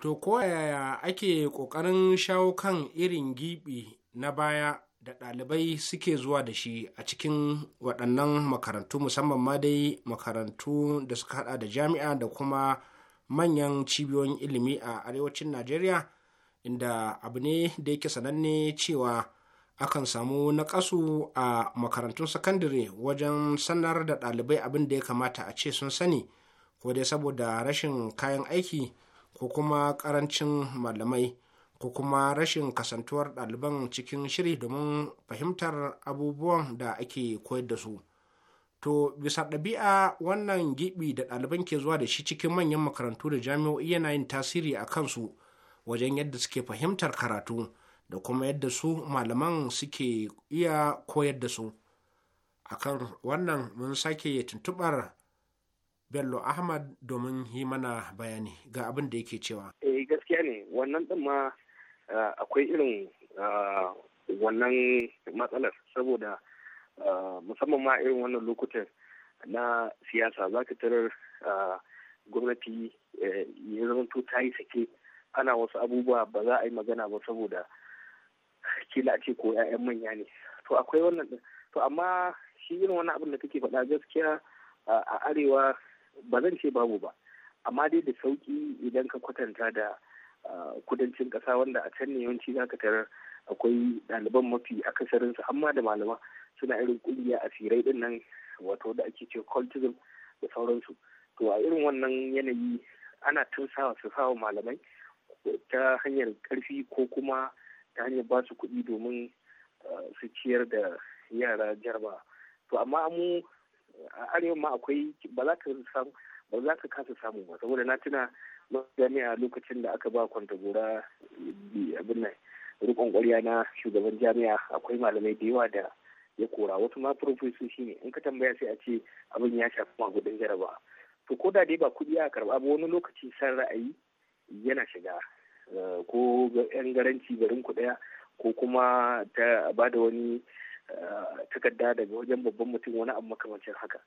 To ko yaya ake ƙoƙarin shawo kan irin giɓi na baya da ɗalibai suke zuwa da shi a cikin waɗannan makarantu musamman ma dai makarantu da suka hada da jami'a da kuma manyan cibiyoyin ilimi a arewacin najeriya inda abu ne da yake sananne cewa akan samu naƙasu a makarantun sakandare wajen sanar da ɗalibai abin da ya kamata a ce sun sani ko dai saboda rashin kayan aiki ko kuma ƙarancin malamai ko kuma rashin kasantuwar ɗaliban cikin shiri domin fahimtar abubuwan da ake koyar da su to bisa ɗabi'a wannan giɓi da ɗaliban ke zuwa da shi cikin manyan makarantu da jami'o'i yana yin tasiri a kansu wajen yadda suke fahimtar karatu da kuma yadda su malaman suke iya koyar da su akan wannan mun sake tuntubar Bello Ahmad domin yi mana bayani ga abin da yake cewa. Eh, gaskiya ne wannan ma Ah, akwai irin ah, wannan matsalar saboda ah, musamman ma irin wannan lokutan na siyasa za ka tarar gwamnati eh, ya zamanto ta yi sake ana wasu abubuwa ba za a yi magana ba saboda kila ce ko 'ya'yan manya ne to akwai wannan to amma shi irin wani abin da kake faɗa gaskiya a arewa ba zan ce babu ba amma dai da sauki idan ka kwatanta da kudancin ƙasa wanda a can ne yawanci ka tarar akwai ɗaliban mafi su amma da malama suna irin ƙungiya asirai din nan wato da ake ce cultism da sauransu to a irin wannan yanayi ana tursawa su sawa malamai ta hanyar ƙarfi ko kuma ta hanyar ba su kuɗi domin su ciyar da yara jarba to amma mu a arewa ma akwai ba za ka samu ba za ka kasa samu ba saboda na tuna jami'a lokacin da aka ba kwanta-gwura gora abin nan rikon kwarya na shugaban jami'a akwai malamai da yawa da ya kora wasu ma shi ne in ka tambaya sai a ce abin ya shafi magudin jaraba to ko da dai ba kuɗi a karba ba wani lokaci san ra'ayi yana shiga eh, ko yan garanci garin ku daya ko kuma ta ba da wani eh, takarda daga wajen babban mutum wani abu makamancin haka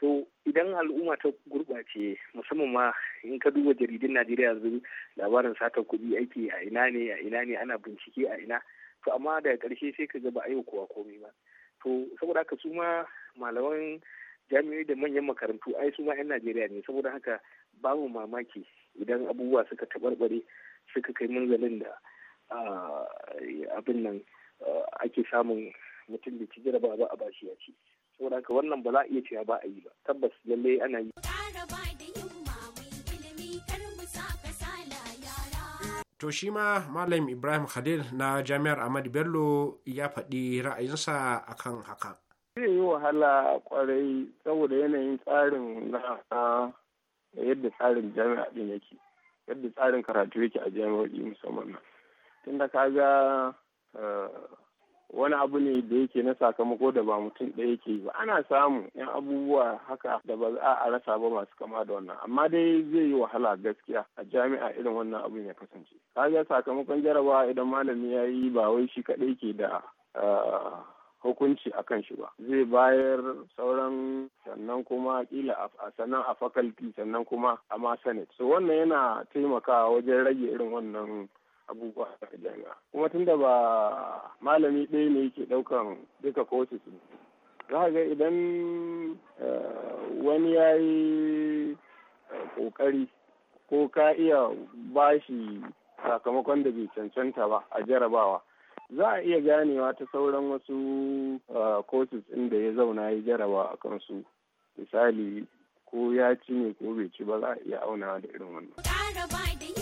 to idan al'umma ta gurɓace musamman ma in ka duba jaridun najeriya yanzu labarin satar kuɗi ake a ina ne a ina ne ana bincike a ina to amma daga karshe sai ka ga ba a yi kowa komai ba to saboda haka su ma malaman jami'o'i da manyan makarantu ai su ma 'yan najeriya ne saboda haka babu mamaki idan abubuwa suka taɓarɓare suka kai manzalin da abin nan ake samun mutum da ci jarabawa ba a bashi ya ci. saboda ka wannan ba za a iya cewa ba a yi ba tabbas lallai ana yi To shi ma Malam Ibrahim Khalil na Jami'ar Ahmad Bello ya faɗi ra'ayinsa akan haka. Zai yi wahala kwarai saboda yanayin tsarin na yadda tsarin jami'a ɗin yake, yadda tsarin karatu yake a jami'o'i musamman tun da ka ga eh, wani abu ne da yake na sakamako da ba mutum ɗaya yake ba ana samu yan abubuwa haka da ba za a rasa ba masu kama da wannan amma dai zai yi wahala gaskiya a jami'a irin wannan abin ya kasance kaga sakamakon jarabawa idan malami ya yi ba wai shi kaɗai ke da ah, hukunci a kan shi ba zai bayar sauran sannan kuma kila a sannan a faculty sannan kuma a ma senate so wannan yana taimakawa wajen rage irin wannan abubuwa a jami'a kuma tunda ba malami ɗaya ne yake ɗaukan duka kotis ne za a ga idan eh, wani ya yi eh, ƙoƙari ko ka iya bashi sakamakon da bai cancanta ba a jarabawa za a iya ganewa ta sauran wasu eh, courses inda ya zauna ya jarabawa a kansu misali ko ya ci ne ko bai ci ba za a iya auna da irin wannan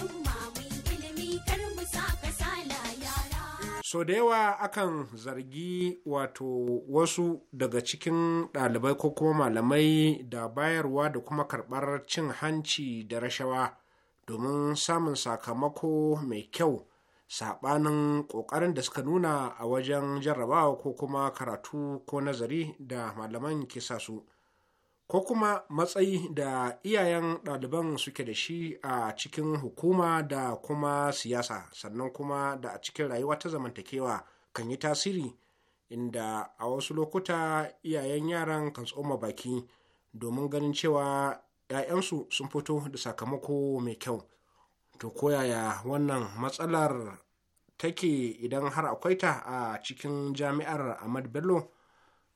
so da yawa akan zargi wato wasu daga cikin ɗalibai ko kuma malamai da bayarwa da kuma karɓar cin hanci da rashawa domin samun sakamako mai kyau saɓanin ƙoƙarin da suka nuna a wajen jarrabawa ko kuma karatu ko nazari da malaman ke su ko kuma matsayi da iyayen ɗaliban suke da shi a cikin hukuma da kuma siyasa sannan kuma da a cikin rayuwa ta zamantakewa kan yi tasiri inda a wasu lokuta iyayen yaran kan tsoma baki domin ganin cewa 'ya'yansu sun fito da sakamako mai kyau to koyaya wannan matsalar take idan har akwai ta a cikin jami'ar ahmad bello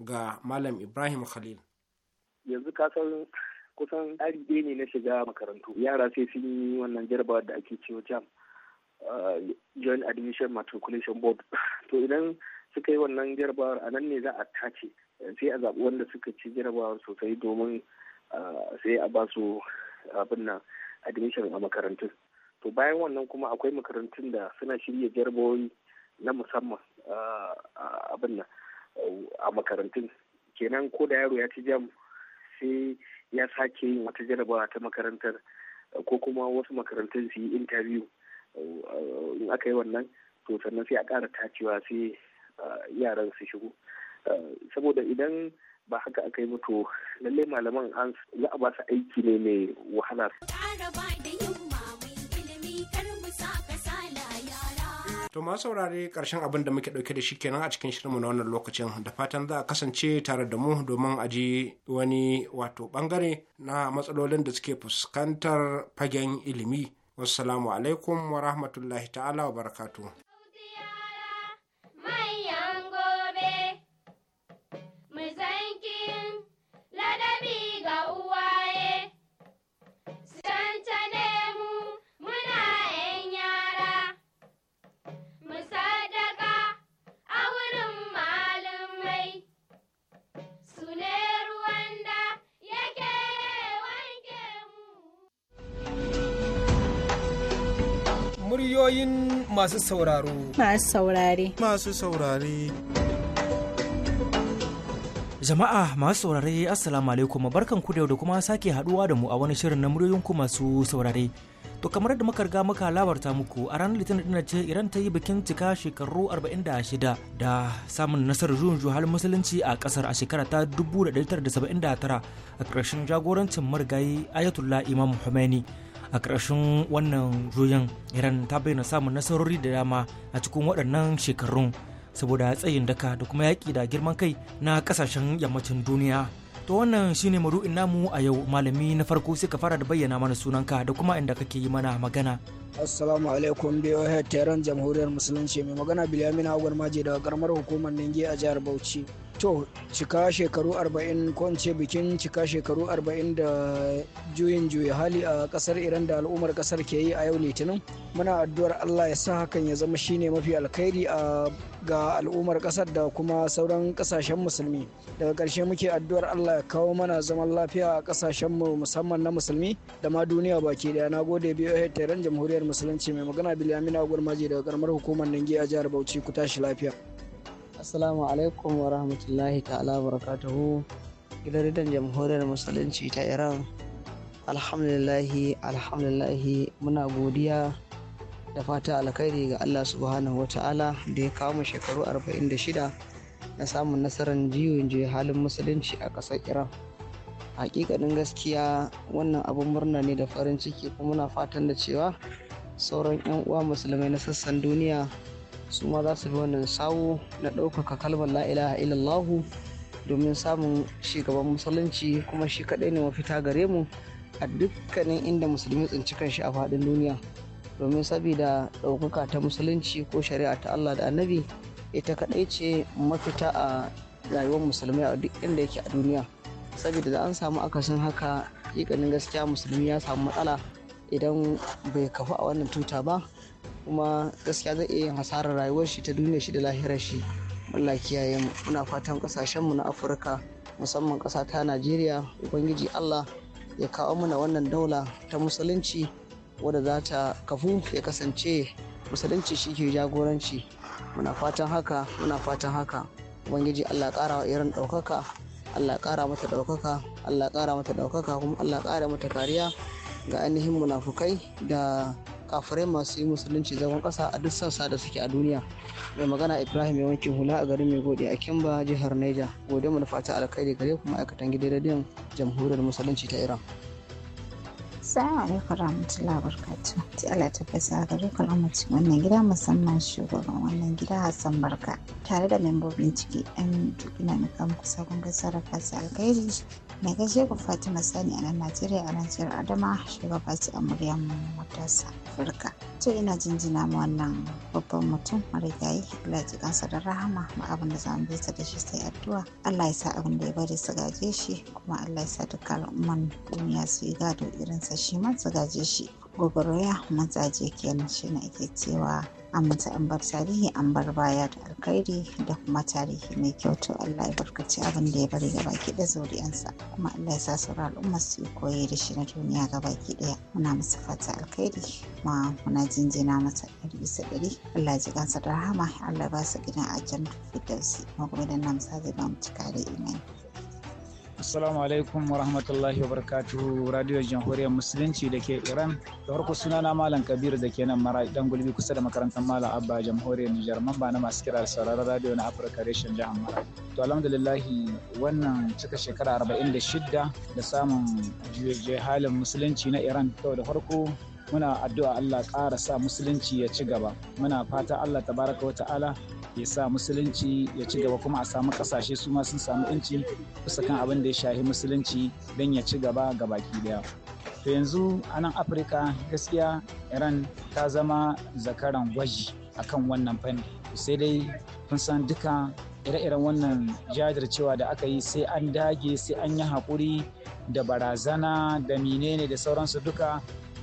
ga malam ibrahim khalil yanzu kasan kusan tsari ɗaya ne na shiga makarantu yara sai sun yi wannan jarabawa da ake cewa jam eh, joint admission matriculation board to idan suka yi wannan jarabawar a nan ne za a tace sai a zaɓi wanda suka ci jarabawar sosai domin eh, sai a ba su abin nan admission a makarantun to bayan wannan kuma akwai makarantun da suna shirya jarabawoyi na musamman eh, abin nan a makarantun kenan ko da yaro ya ci jam sai ya sake yin wata jaraba ta makarantar ko kuma wasu makarantar su yi interview in aka yi wannan to sannan sai a ƙara tacewa sai yaran su shigo saboda idan ba haka aka yi mutu lallai malaman an za a ba su aiki ne mai wahala. To ma saurare ƙarshen abin da muke ɗauke da shi kenan a cikin shirinmu na wannan lokacin da fatan za a kasance tare da mu domin a ji wani wato ɓangare na matsalolin da suke fuskantar fagen ilimi. Wassalamu alaikum wa rahmatullahi ta'ala wa barakatuh. ra'ayoyin masu sauraro. Masu saurare. Masu saurare. Jama'a masu saurare Assalamu alaikum barkan ku da kuma sake haduwa da mu a wani shirin na ku masu saurare. To kamar da muka riga muka labarta muku a ranar Litinin din ce Iran ta yi bikin cika shekaru 46 da samun nasarar juyin juhal musulunci a kasar a shekara ta 1979 a ƙarshen jagorancin marigayi Ayatollah Imam Khomeini. a ƙarshen wannan juyin iran ta bayyana samun nasarori da dama a cikin waɗannan shekarun saboda tsayin daka da kuma yaƙi da girman kai na ƙasashen yammacin duniya to wannan shine maru'in namu a yau malami na farko sai ka fara da bayyana mana sunanka da kuma inda kake yi mana magana Assalamu alaikum BOH Tehran Jamhuriyar Musulunci mai magana biliyamina Agwar daga karamar hukumar Ninge a jihar Bauchi. to cika shekaru 40 ko ce bikin cika shekaru 40 da juyin juya hali a kasar iran da al'ummar kasar ke yi a yau litinin muna addu'ar allah ya sa hakan ya zama shine mafi alkhairi a ga al'ummar kasar da kuma sauran kasashen musulmi daga ƙarshe muke addu'ar allah ya kawo mana zaman lafiya a kasashen mu musamman na musulmi da ma duniya baki daya na gode biyo taron jamhuriyar musulunci mai magana bilamina gurmaji daga karamar hukumar ninge a jihar bauchi ku tashi lafiya Assalamu alaikum wa rahmatullahi ta'ala wa barakatuhu. Gidan jamhuriyar musulunci ta Iran. Alhamdulillahi, alhamdulillahi muna godiya da fata alkhairi ga Allah subhanahu wa ta'ala da ya kawo mu shekaru 46 na samun nasarar jiyoyin je halin musulunci a ƙasar Iran. Hakikanin gaskiya wannan abin murna ne da farin ciki kuma muna fatan da cewa sauran 'yan uwa musulmai na sassan duniya su ma za su bi wannan sawo na ɗaukaka kalmar la ilaha illallahu domin samun shugaban musulunci kuma shi kaɗai ne mafita gare mu a dukkanin inda musulmi tsinci shi a faɗin duniya domin sabida ɗaukaka ta musulunci ko shari'a ta Allah da annabi ita kaɗai ce mafita a rayuwar musulmai a duk inda yake a duniya sabida da an samu akasin haka ƙiƙanin gaskiya musulmi ya samu matsala idan bai kafu a wannan tuta ba kuma gaskiya zai iya yin hasarar rayuwar shi ta duniya shi da lahirar shi Allah kiyaye mu muna fatan kasashen mu na Afirka musamman ƙasa ta Najeriya ubangiji Allah ya kawo mana wannan daula ta musulunci wadda za ta kafu ya kasance musulunci shi ke jagoranci muna fatan haka muna fatan haka ubangiji Allah ƙara wa irin ɗaukaka Allah ƙara mata ɗaukaka Allah ƙara mata ɗaukaka kuma Allah ƙara mata kariya ga ainihin munafukai da kafirai masu yi musulunci zagon kasa a duk sassa da suke a duniya mai magana ibrahim ya wanke hula a garin mai gode a kimba jihar niger gode mu da fata alkhairi gare kuma aikatan gidan radiyon jamhuriyar musulunci ta iran Assalamu alaikum warahmatullahi wabarakatuh. Ti Allah ta fasa ga ku amince wannan gida musamman shugaban wannan gida Hassan Barka tare da membobin ciki yan duk na kan kusa gungun sarrafa su fasa da gajiyar fatima sani a nan najeriya a nan jihar adama shugaba ce a muryar matasa afirka to ina jinjina ma wannan babban mutum marigayi allah kansa da rahama ma abin da zamu bisa da shi sai addu'a allah ya sa abin da ya bari su gaje shi kuma allah ya sa dukkan al'umman duniya su yi gado irinsa shi ma su gaje shi gogoroya mazaje kenan shi ne ake cewa an mata an bar tarihi an bar baya da alkhairi da kuma tarihi mai kyau to Allah ya barkaci abin da ya bari ga baki da zuriyansa kuma Allah ya sa sauran al'umma su yi koyi da shi na duniya ga baki daya muna masa fata alkhairi kuma muna jinjina masa ɗari bisa ɗari Allah ji kansa da rahama Allah ba su gidan jan tufi ma kuma da namsa zai ba mu cika da imani Assalamu alaikum wa rahmatullahi wa barakatuhu Radio Jamhuriyar Musulunci da ke Iran. Da farko suna na Malam Kabir da ke nan mara dan gulbi kusa da makarantar Malam Abba Jamhuriyar Nijar mamba na masu kira da sauraron radio na Afrika Reshen Jihar Mara. To alhamdulillahi wannan cika shekara 46 da samun juye halin musulunci na Iran. To da farko muna addu'a Allah ƙara sa musulunci ya ci gaba muna fata Allah tabaraka wa ta'ala ya sa musulunci ya ci gaba kuma a samu kasashe su ma sun samu inci kusa kan abin da ya shahi musulunci don ya ci gaba ga baki daya to yanzu a nan afirka gaskiya iran ta zama zakaran gwaji akan wannan fanni sai dai kun san duka ire-iren wannan jajircewa da aka yi sai an dage sai an yi haƙuri da barazana da menene da sauransu duka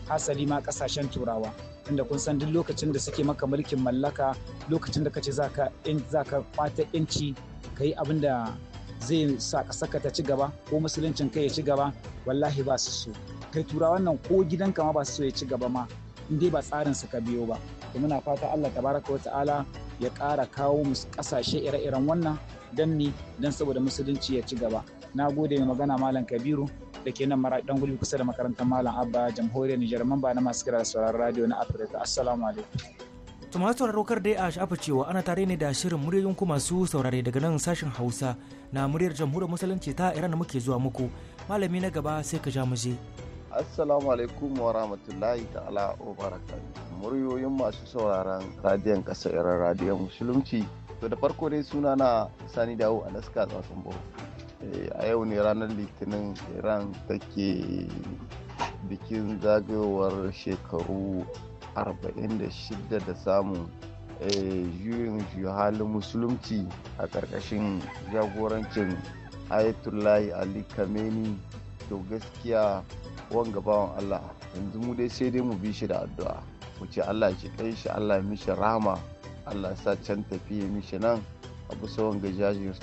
hasali ma kasashen turawa inda kun san duk lokacin da suke maka mulkin mallaka lokacin da kace zaka zaka fata inci kai abin da zai sa kasaka ta ci gaba ko musuluncin kai ya ci gaba wallahi ba su so kai turawan nan ko gidanka ma ba su so ya ci gaba ma in dai ba tsarin su ka biyo ba to muna fata Allah tabaraka wa ta'ala ya kara kawo mu kasashe ire-iren wannan dan ni dan saboda musulunci ya ci gaba na gode mai magana malam kabiru da ke nan mara dan kusa da makarantar Malam Abba jamhuriyar Nijar mamba na masu kira sauraron radio na Afirka. Assalamu alaikum. Tumatar rokar dai a shafa cewa ana tare ne da shirin muryoyin ku masu saurare daga nan sashen Hausa na muryar jamhuriyar musulunci ta Iran muke zuwa muku. Malami na gaba sai ka ja mu je. Assalamu alaikum wa rahmatullahi ta'ala wa barakatuh. Muryoyin masu sauraron radiyon kasa irin radiyon musulunci. da farko ne suna na Sani Dawo Alaska Tsatsun Bau. Eh, a yau ne ranar litinin iran ke bikin zagayowar shekaru 46 da samun eh, juyin juhalin musulunci a ƙarƙashin jagorancin ayatollahi ali kameni to gaskiya wanga bawan allah yanzu mu dai sai dai mu bi shi da addu'a mu ce allah shi kai shi allah mishi rama allah sa can tafiye mishi nan a bisa wanga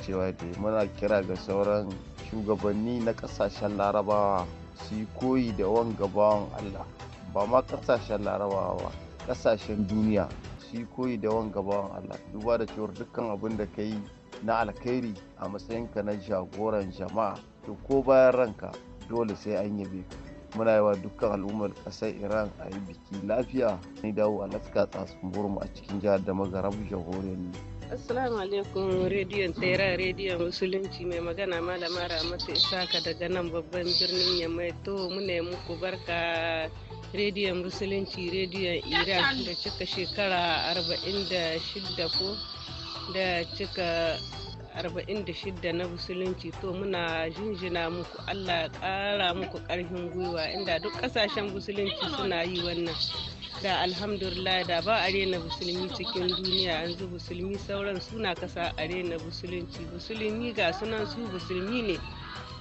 cewa da muna kira ga sauran shugabanni na kasashen larabawa su koyi da wanga bawan allah ba ma kasashen larabawa ba kasashen duniya su yi koyi da wanga bawan allah duba da cewar dukkan abin da ka yi na alkhairi a matsayinka na jagoran jama'a to ko bayan ranka dole sai an yabe muna yi wa dukkan al'ummar ƙasar iran a yi biki lafiya ni dawo alaska tsatsun burma a cikin jihar da magarab jamhuriyar Assalamu alaikum rediyon tsera rediyon musulunci mai magana malama Ramatu Isaka daga nan babban birnin Yamai to muna muku barka rediyon musulunci rediyon Iran da cika shekara 46 ko da cika 46 na musulunci to muna jinjina muku Allah ƙara muku ƙarfin gwiwa inda duk ƙasashen musulunci suna yi wannan da alhamdulillah da ba a rena musulmi cikin duniya yanzu musulmi sauran suna kasa a rena musulunci musulmi ga sunan su musulmi ne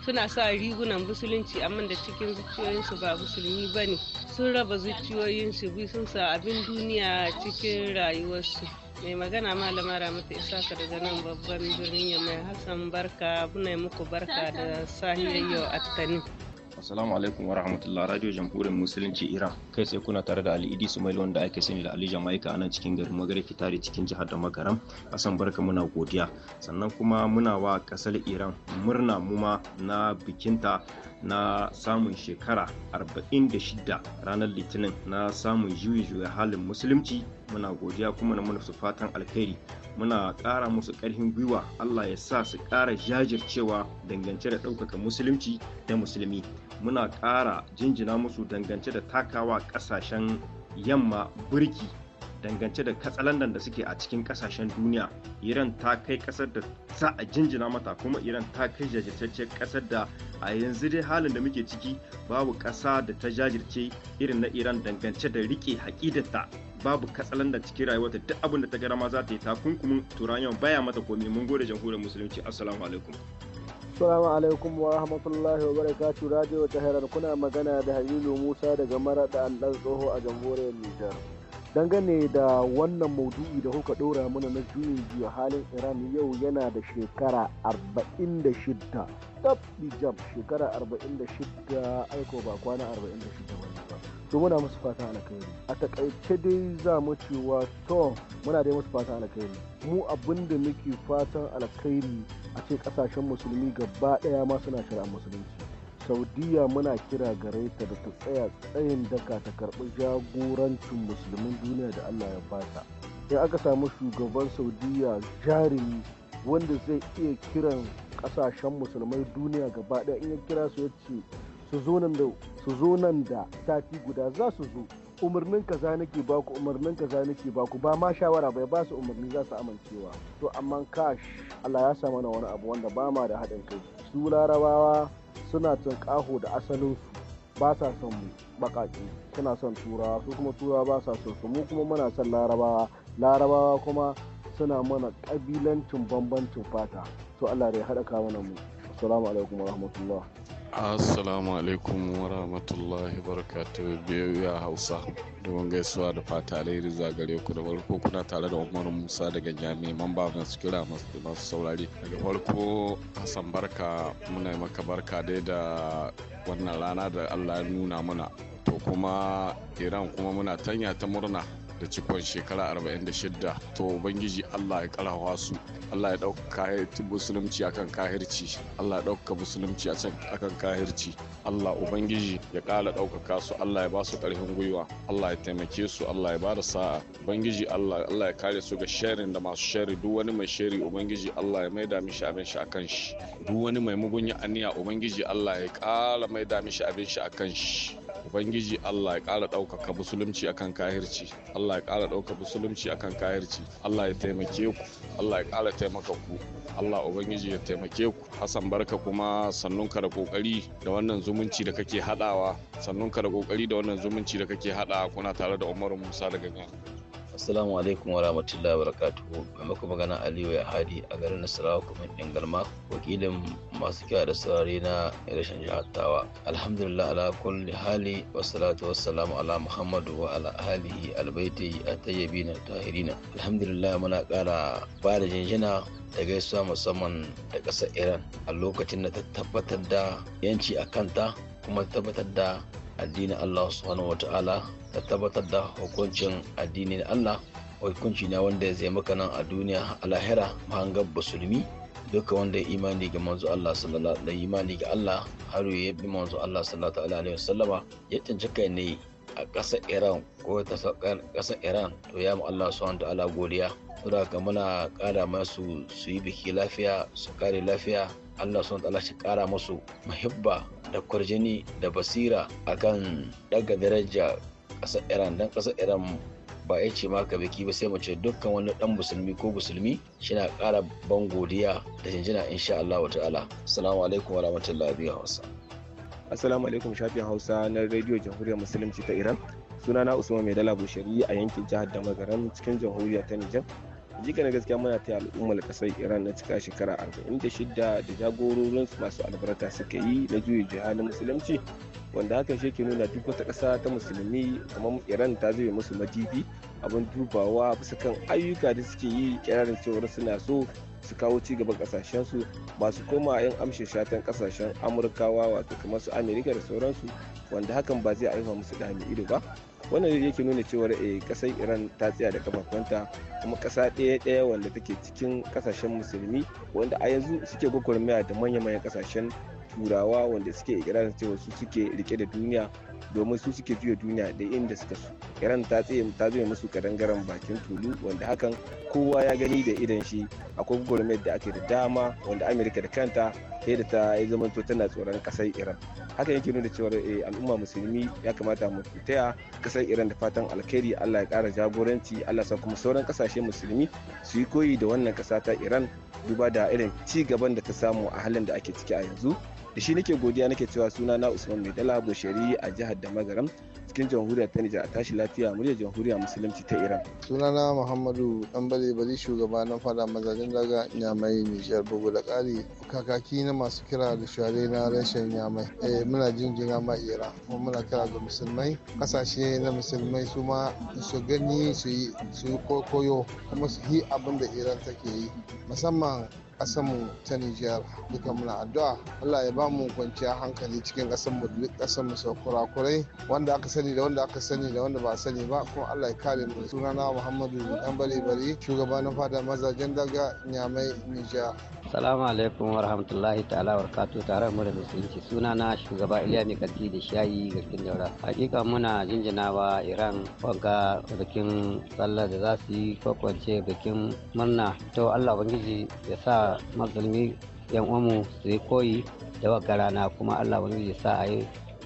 suna sa rigunan musulunci amma da cikin zuciyoyinsu ba musulmi ba ne sun raba zuciyoyinsu bi sun sa abin duniya cikin rayuwarsu mai magana malama ramata isaka daga nan babban birnin mai hassan barka muna muku barka da sahiyar yau attanin Assalamu alaikum wa rahmatullah Radio Jamhuriyar Musulunci Iran. Kai sai kuna tare da Ali Idi Sumail wanda ake sani da Ali Jamaika a nan cikin garin magare Fitari cikin jihar da Makaram. hasan barka muna godiya. Sannan kuma muna wa kasar Iran murna muma na bikinta na samun shekara 46 ranar Litinin na samun juyi juya halin musulunci muna godiya kuma na muna fatan alkhairi muna ƙara musu ƙarfin gwiwa Allah ya sa su ƙara jajircewa dangance da ɗaukaka musulunci da musulmi muna ƙara jinjina musu dangance da takawa ƙasashen yamma burki dangance da katsalandan da suke a cikin kasashen duniya iran ta kai ƙasar da za a jinjina mata kuma iran ta kai jajirce kasar da a yanzu dai halin da muke ciki babu ƙasa da ta jajirce irin na iran dangance da rike haƙidarta babu katsalan da cikin rayuwarta duk abin da ta gara ma za ta yi takunkumin turaniyan baya mata komai mun gode jamhuriyar musulunci assalamu alaikum Assalamu alaikum wa rahmatullahi wa barakatuh Radio Tehran kuna magana da Halilu Musa daga Marada allah Tsoho a jamhuriyar Nijar. Dangane da wannan maudu'i da kuka ɗora mana na juyin jiya halin Iran yau yana da shekara 46. Tab jam shekara 46 aiko ba kwana 46 ba. to muna musu fata alkhairi a takaice dai za mu cewa to muna dai musu fata alkhairi mu abin da muke fatan alkhairi a ce kasashen musulmi gaba daya ma suna shari'ar musulunci saudiya muna kira gare ta da ta tsaya tsayin daka ta karbi jagorancin musulmin duniya da allah ya bata in aka samu shugaban saudiya jarumi wanda zai iya kiran kasashen musulmai duniya gaba daya in ya kira su ya ce su zo nan da su zo nan da sati guda za su zo umarnin kaza nake baku umarnin kaza nake baku ba ma shawara bai ba su umarni za su amincewa to amma kash Allah ya sa mana wani abu wanda ba ma da haɗin kai su larabawa suna cin ƙaho da asalinsu ba sa son mu baƙaƙe suna son turawa su kuma turawa ba sa son su mu kuma muna son larabawa larabawa kuma suna mana kabilancin bambancin fata to Allah ya haɗa ka mana mu assalamu alaikum wa rahmatullah Assalamu alaikum wa rahmatullahi barakatuh biyu ya Hausa. Domin gaisuwa da fata alheri zagare ku da farko kuna tare da Umaru Musa daga Jami mamba masu kira masu saurari. Daga farko Hassan Barka muna maka barka dai da wannan rana da Allah ya nuna mana. To kuma Iran kuma muna tanya ta murna da cikon shekara 46 to ubangiji allah ya karawa su allah ya dauka musulunci akan kahirci allah ya dauka musulunci akan kahirci allah ubangiji ya kara daukaka su allah ya ba su karfin gwiwa allah ya taimake su allah ya ba da sa'a ubangiji allah allah ya kare su ga sharin da masu shari duk wani mai shari ubangiji allah ya maida mishi abin shi akan shi duk wani mai mugunya aniya ubangiji allah ya kara maida mishi abin shi akan shi ubangiji allah ya ƙara ɗaukaka musulunci akan kahirci allah ya ƙara dauka musulunci akan kahirci allah ya taimake ku allah ya ƙara taimaka ku allah ubangiji ya taimake ku hassan barka kuma ka da kokari da wannan zumunci da kake sannun ka da kokari da wannan zumunci da kake hadawa kuna tare da umaru musa daga gani Assalamu alaikum wa rahmatullahi wa barakatuhu. Maimakon magana Aliyu ya hadi a garin Nasarawa kuma ɗin galma wakilin masu kyau da saurari na rashin jihar Tawa. Alhamdulillah ala kulli hali wa salatu salamu ala Muhammadu wa ala alihi albaiti at-tayyibin at-tahirina. Alhamdulillah muna ƙara ba da jinjina da gaisuwa musamman da ƙasar Iran a lokacin da ta tabbatar da yanci a kanta kuma tabbatar da addinin Allah subhanahu wata'ala da tabbatar da hukuncin addinin Allah hukunci na wanda zai maka nan a duniya a lahira mahangar basulmi duka wanda ya imani ga manzo Allah sallallahu alaihi imani ga Allah har ya bi manzo Allah sallallahu alaihi wasallama ya tsinci kai ne a ƙasar iran ko ta ƙasar iran to ya mu allah su ta'ala godiya saboda muna ƙara masu su yi biki lafiya su kare lafiya Allah sun ta'ala shi kara masu muhibba da kwarjini da basira akan daga daraja ƙasar Iran dan ƙasar Iran ba ya ce maka biki ba sai mace dukkan wani dan musulmi ko musulmi shina kara ban godiya da jinjina insha Allah wa ta'ala assalamu alaikum wa rahmatullahi wa hausa assalamu alaikum shafin hausa na rediyo jamhuriyar musulunci ta iran sunana usman mai dala bushari a yankin jihar damagaram cikin jamhuriyar ta nijar jika na gaskiya muna taya al'ummar kasar iran na cika shekara 46 da jagororin masu albarka suka yi na jiha jihalin musulunci wanda hakan shi ke nuna duk wata ƙasa ta musulmi kamar iran ta zube musu madibi abin dubawa bisa kan ayyuka da suke yi kirarin cewar suna so su kawo ci gaban kasashensu masu koma yan amshin shatan kasashen amurkawa wato kamar su amerika da sauransu wanda hakan ba zai haifa musu dami ido ba wannan yake nuna cewar a eh, kasar iran ta tsaya da kafafunta kuma kasa ɗaya ɗaya wanda take cikin kasashen musulmi wanda a yanzu suke gwagwarmaya da manya-manyan kasashen turawa wanda suke ikirarin cewa su suke rike da duniya domin su suke juya duniya da inda suka su iran ta tsaye ta musu kadangaren bakin tulu wanda hakan kowa ya gani da idan shi akwai gwamnati da ake da dama wanda amerika da kanta sai da ta yi zamanto tana tsoron kasar iran haka yake nuna cewa eh, al'umma musulmi ya kamata mu fitaya kasar iran da fatan alkhairi allah ya kara jagoranci allah sa kuma sauran kasashe musulmi su yi koyi da wannan kasa ta iran duba da irin ci gaban da ta samu a halin da ake ciki a yanzu da shi nake godiya nake cewa suna na usman mai dala bushari a jihar da magaram cikin jamhuriyar ta nijar a tashi lafiya muryar jamhuriyar musulunci ta iran suna na muhammadu bale bali shugaba na fada mazajen daga nyamai nijar bugu da ƙari kakaki na masu kira da share na rashin nyamai eh, muna jinjina ma iran kuma muna kira ga musulmai kasashe na musulmai su ma su gani su yi koyo kuma su yi abin da iran take yi musamman kasanmu ta Nijar duka muna addu'a Allah ya bamu kwanciya hankali cikin kasanmu da duk kasanmu sau wanda aka sani da wanda aka sani da wanda ba a sani ba kuma Allah ya kare mu sunana Muhammadu Dan Bale Bari shugaba na fada mazajen daga Nyamai Nijar Salamu alaikum wa rahmatullahi ta'ala wa tare mu da musulunci sunana shugaba Iliya Mikati da Shayi garkin Daura hakika muna jinjinawa Iran wanga bikin sallah da za su yi ko bikin murna to Allah ubangiji ya sa matsalmi musulmi yan uwanmu su yi koyi da waka rana kuma Allah wani ya sa a yi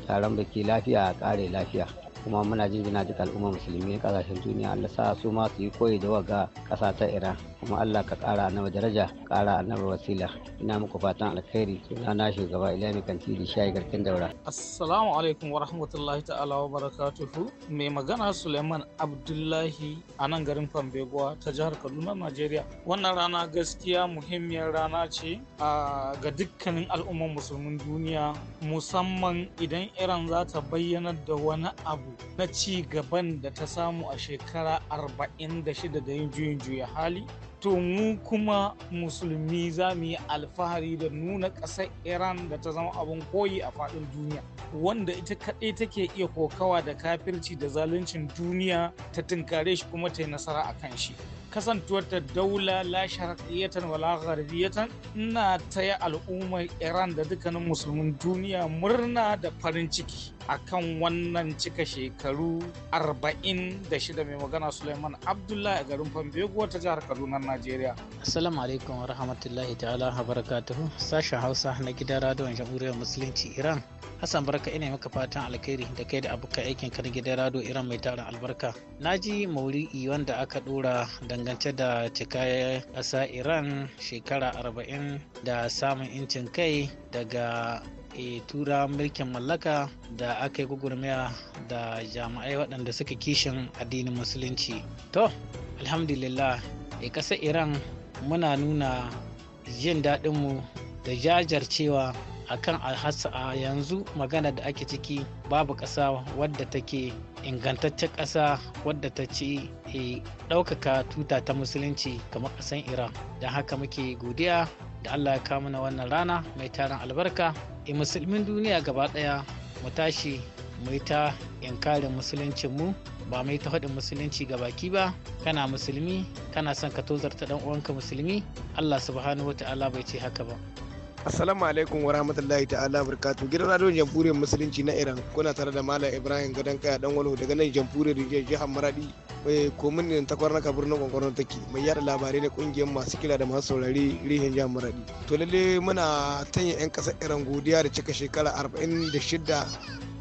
taron biki lafiya a kare lafiya kuma muna jinjina duka al'ummar musulmi kasashen duniya Allah sa su ma su yi koyi da waka ƙasa ta Iran kuma Allah ka ƙara annaba daraja ƙara annaba wasila ina muku fatan alkhairi sunana shugaba Ilani Kantiri shayi garkin daura assalamu alaikum wa rahmatullahi ta'ala wa barakatuhu mai magana Suleiman Abdullahi a nan garin Fambegowa ta jihar Kaduna Najeriya wannan rana gaskiya muhimmiyar rana ce ga dukkanin al'ummar musulmin duniya musamman idan Iran za ta bayyana da wani abu na ci gaban da ta samu a shekara 46 da yin juyin juya hali to mu kuma musulmi za mu yi alfahari da nuna ƙasar iran da ta zama abin koyi a faɗin duniya wanda ita kaɗai take iya kokawa da kafirci da zaluncin duniya ta tunkare shi kuma ta yi nasara a kan shi kasantuwar ta daula la sharqiyatan wala gharbiyatan ina taya al'ummar Iran da dukkanin musulmin duniya murna da farin ciki akan wannan cika shekaru 46 mai magana Suleiman Abdullahi a garin Fambego ta jihar Kaduna Najeriya. Assalamu alaikum wa rahmatullahi ta'ala wa barakatuhu. Sashen Hausa na gidan radon Jamhuriyar Musulunci Iran. Hassan Barka ina maka fatan alkhairi da kai da abokan aikin kan gidan rado Iran mai taron albarka. Na ji mauri'i wanda aka dora dangance da cika ƙasa iran shekara 40 da samun incin kai daga e, tura mulkin mallaka da aka yi gugurmiya da jami'ai waɗanda suka kishin addinin musulunci to alhamdulillah e, ƙasar iran muna nuna jin daɗinmu da jajarcewa akan a yanzu magana da ake ciki babu ƙasa wadda take ingantaccen ƙasa wadda ta e ɗaukaka tuta ta musulunci kamar ƙasan iran don haka muke godiya da allah ya kawo mana wannan rana mai taron albarka e musulmin duniya gaba ɗaya mu tashi mu yi ta inkarin musuluncin mu ba mai ta faɗin musulunci ga baki ba kana musulmi kana son ka tozarta ɗan uwanka musulmi allah subhanahu wa ta'ala bai ce haka ba Assalamu alaikum wa rahmatullahi ta'ala barkatu gidan radiyon jamhuriyar musulunci na Iran kuna tare da Malam Ibrahim Gadan Kaya dan walo daga nan jamhuriyar Nijar jihar Maradi eh, komin ne ta kwarna ka birnin kwankwaron take mai yada labarai na kungiyar masu kila da masu saurari rihin jihar Maradi to lalle muna tanya yan kasar Iran godiya da cika shekara 46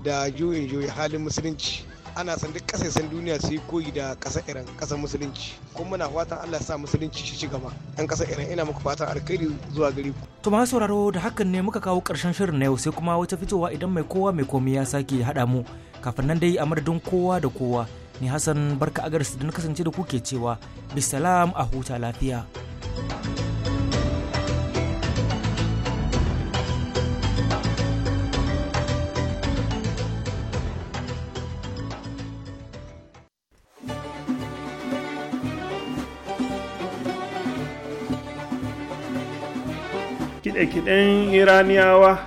da juyin juyi halin musulunci ana san duk kasashen duniya su yi koyi da kasa iran kasa musulunci kuma muna fatan allah sa musulunci shi ci gaba ɗan kasa iran ina muku fatan alkhairi zuwa gari ku. to masu sauraro da hakan ne muka kawo karshen shirin na yau sai kuma wata fitowa idan mai kowa mai komai ya sake haɗa mu kafin nan dai a madadin kowa da kowa ni hassan barka agarsu da na kasance da kuke cewa bisalam a huta lafiya. thank you kiɗe-kiɗen iraniyawa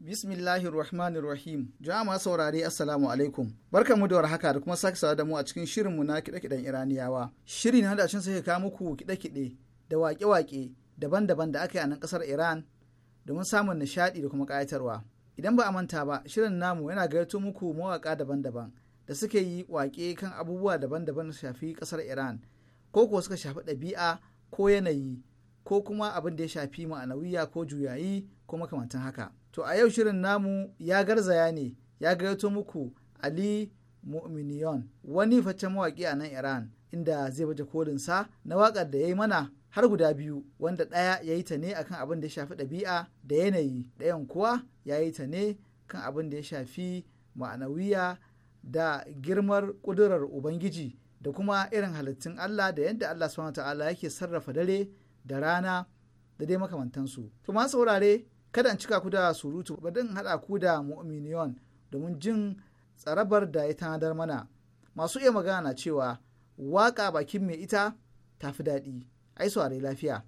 bismillahir rahmanir rahim jama'a saurare assalamu alaikum barka mu da warhaka da kuma sake sawa da mu a cikin shirinmu na kiɗe-kiɗen iraniyawa shiri na da cin sai kawo muku kiɗe-kiɗe da waƙe-waƙe daban-daban da aka yi a nan ƙasar iran domin samun nishaɗi da kuma ƙayatarwa idan ba a manta ba shirin namu yana gayyato muku mawaƙa daban-daban da suka yi wake kan abubuwa daban-daban shafi kasar iran ko kuwa suka shafi ɗabi'a ko yanayi ko kuma abin da ya shafi ma'anawiya ko juyayi ko makamantan haka to a yau shirin namu ya garzaya ne ya gayyato muku ali mu'miniyon wani facen mawaƙi a nan iran inda zai baje kolinsa na waƙar da ya yi mana har guda biyu wanda ɗaya ya yi ta ne akan abin da ya shafi ɗabi'a da yanayi ɗayan kuwa ya yi ta ne kan abin da ya shafi ma'anawiya da girmar ƙudurar ubangiji da kuma irin halittun allah da yadda allah subhanahu ta'ala yake sarrafa dare da rana da dai makamantansu to masu wurare kada in cika ku da surutu ba haɗa ku da mu'miniyon domin jin tsarabar da ya tanadar mana masu iya magana cewa waƙa bakin mai ita tafi daɗi ai saurari lafiya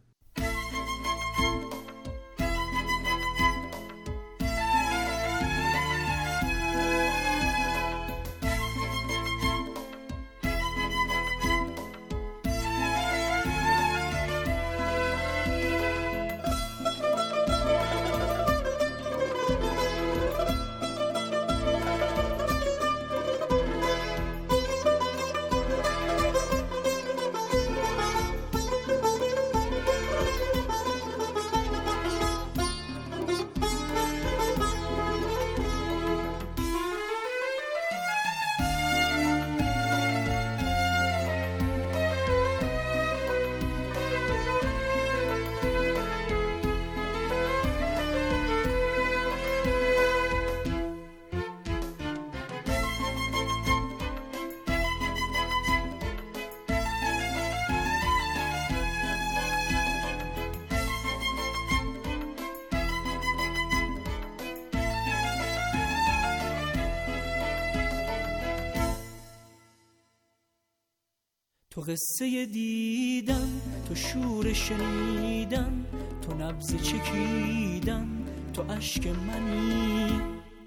قصه دیدم تو شور شنیدم تو نبز چکیدم تو اشک منی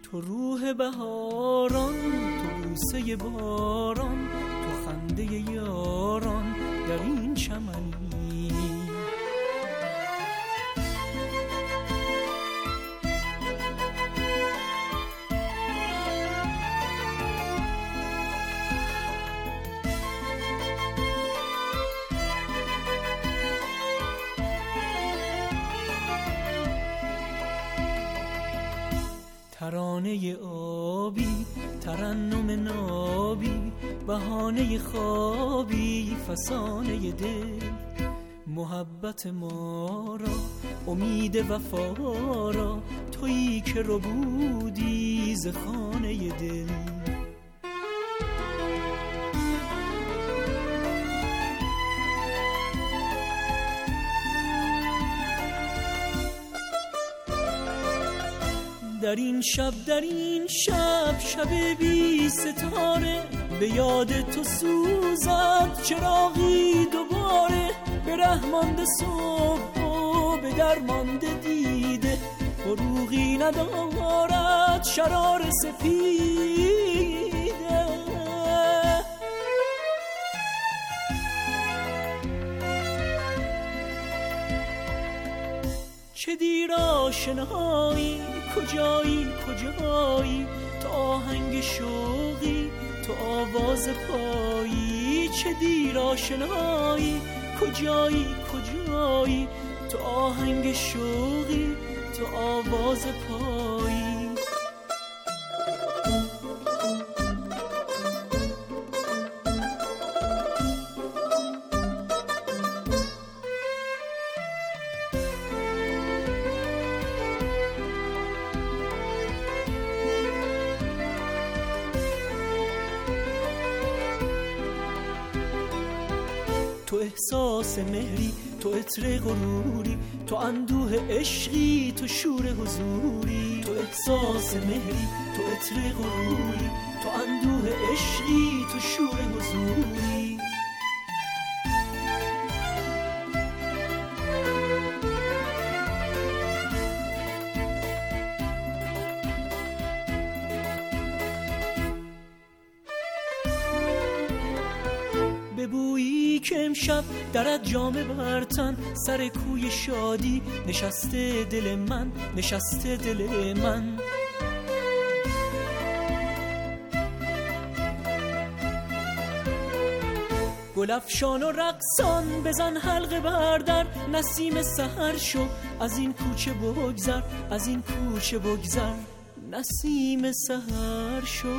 تو روح بهاران تو بوسه باران تو خنده یاران در این چمن فسانه دل محبت ما را امید وفا را تویی که رو بودی ز خانه دل در این شب در این شب شب بی ستاره به یاد تو سوزد چراغی دوباره به رحمانده صبح و به درمانده دیده فروغی ندارد شرار سفیده چه دیر آشنایی کجایی کجایی تا آهنگ شوقی تو آواز پایی چه دیر آشنایی کجایی کجایی تو آهنگ شوقی تو آواز پایی عطر غروری تو اندوه عشقی تو شور حضوری تو احساس مهری تو عطر غروری تو اندوه عشقی تو شور حضوری بویی که امشب درد جام برتن سر کوی شادی نشسته دل من نشسته دل من گلفشان و رقصان بزن حلقه بردر نسیم سهر شو از این کوچه بگذر از این کوچه بگذر نسیم سهر شو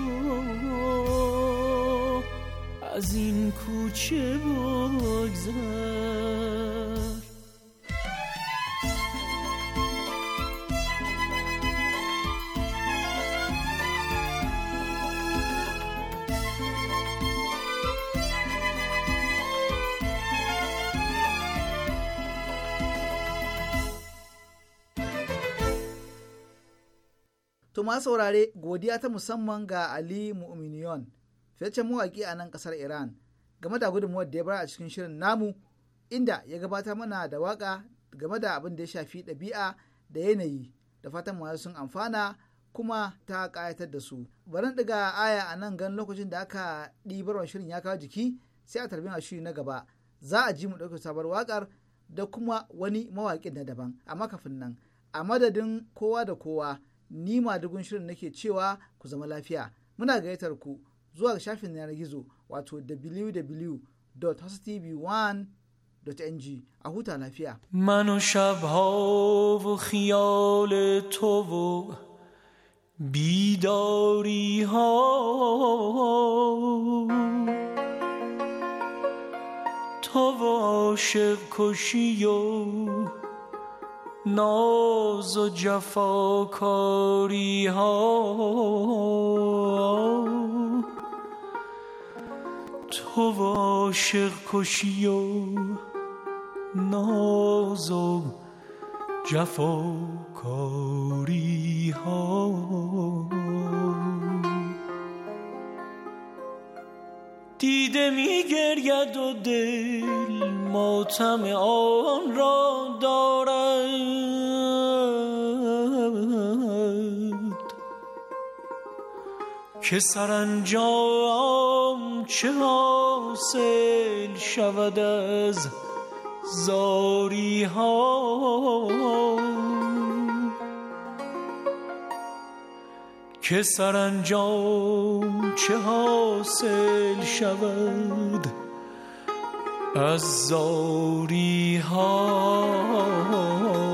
از این کوچه بگذر To ma godiya ta musamman ga Ali Mu'miniyon fitaccen mawaƙi a nan ƙasar iran game da gudunmuwar da ya bar a cikin shirin namu inda ya gabata mana da waƙa game da abin da ya shafi ɗabi'a da yanayi da fatan masu sun amfana kuma ta ƙayatar da su barin ɗiga aya a nan gan lokacin da aka ɗibarwar shirin ya kawo jiki sai a tarbi a shiri na gaba za a ji mu ɗauki sabar waƙar da kuma wani mawaƙin na daban amma kafin nan a madadin kowa da kowa ni madugun shirin nake cewa ku zama lafiya muna gayyatar ku zuwa ga shafin yanar gizo wato www.hostv1.ng a huta lafiya. Manu shabha و tovo bidari ha tovo ها koshiyo و و ناز و جفاکاری ها تو و عاشق کشی و ناز و ها دیده می گرید و دل ماتم آن را دارد که سرانجام چه حاصل شود از زاری ها که سرانجام چه حاصل شود از زاری ها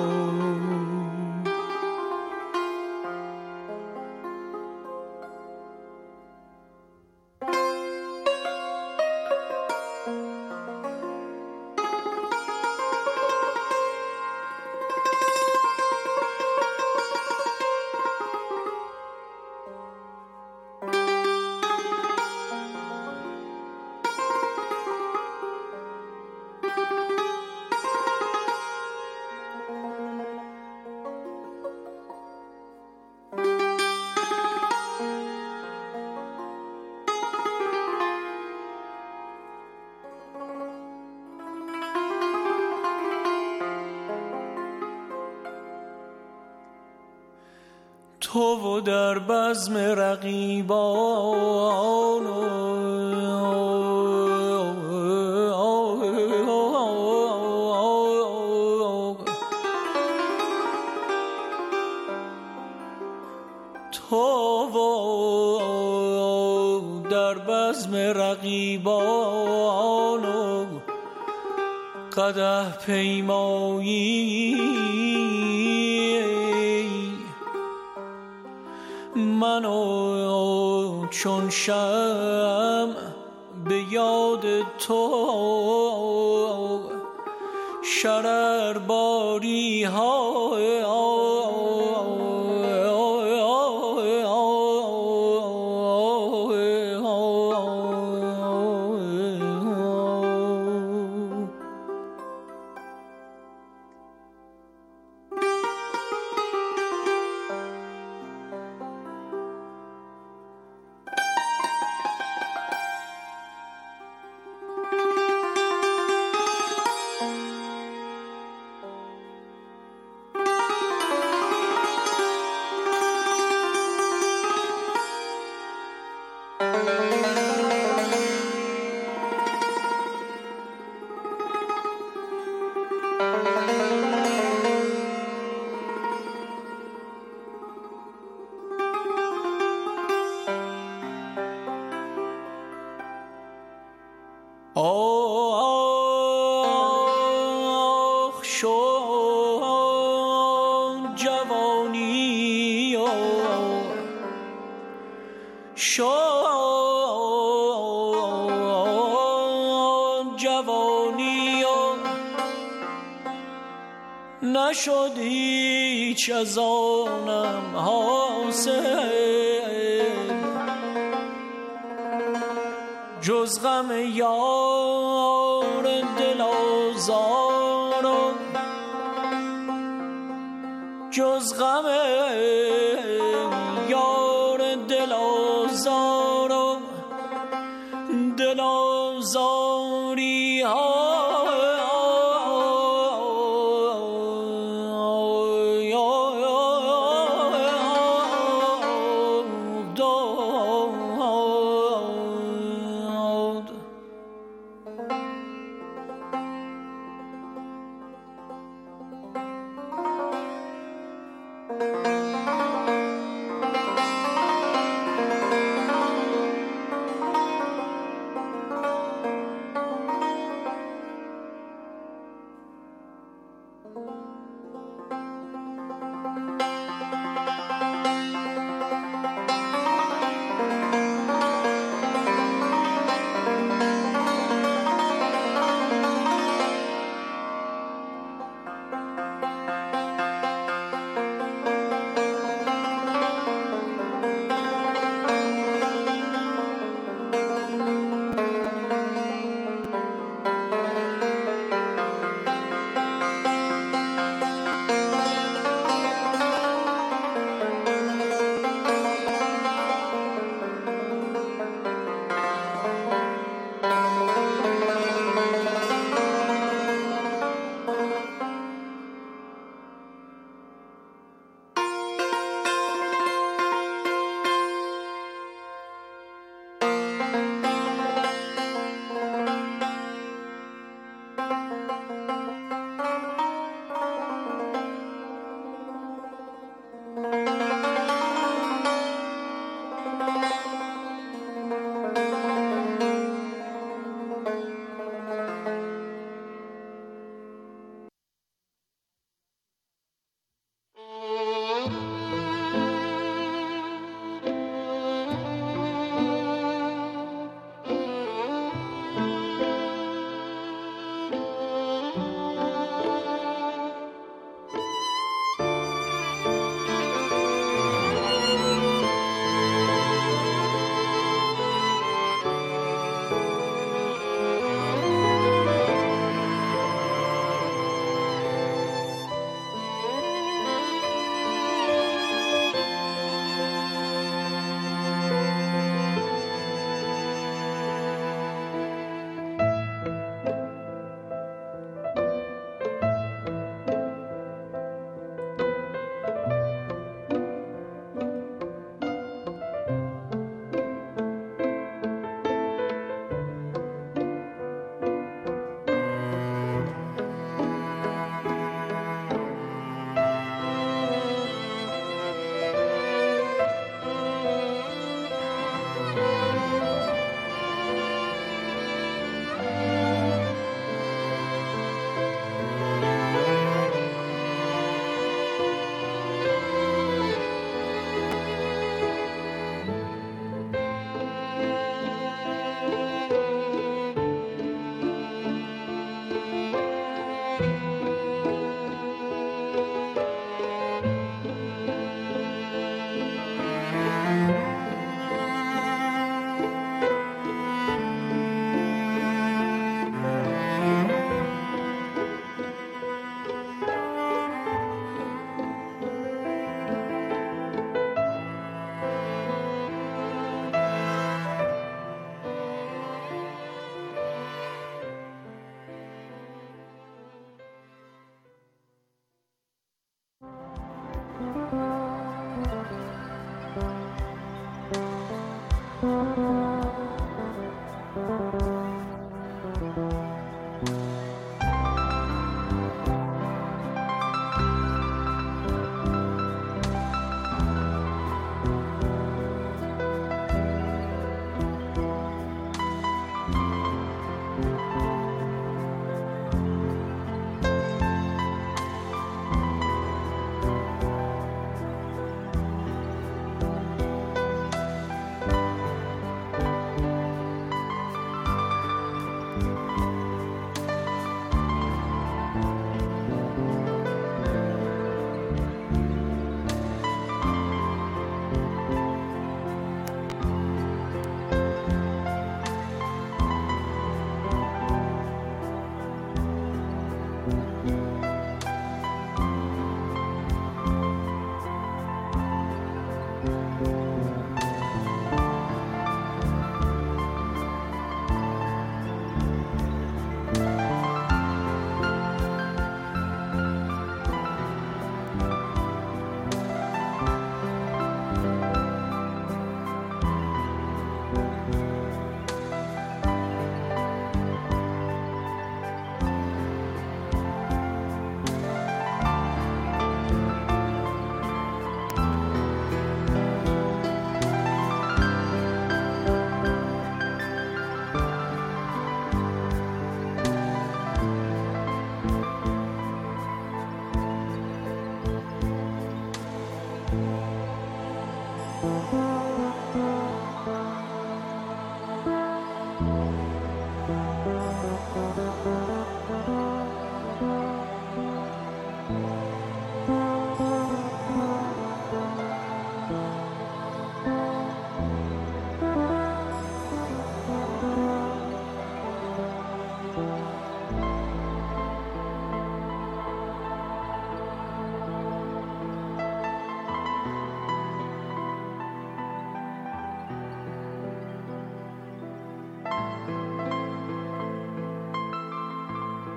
بزم رقیبان تو در بزم رقیبان قده پیمایی چون شم به یاد تو شرر باری های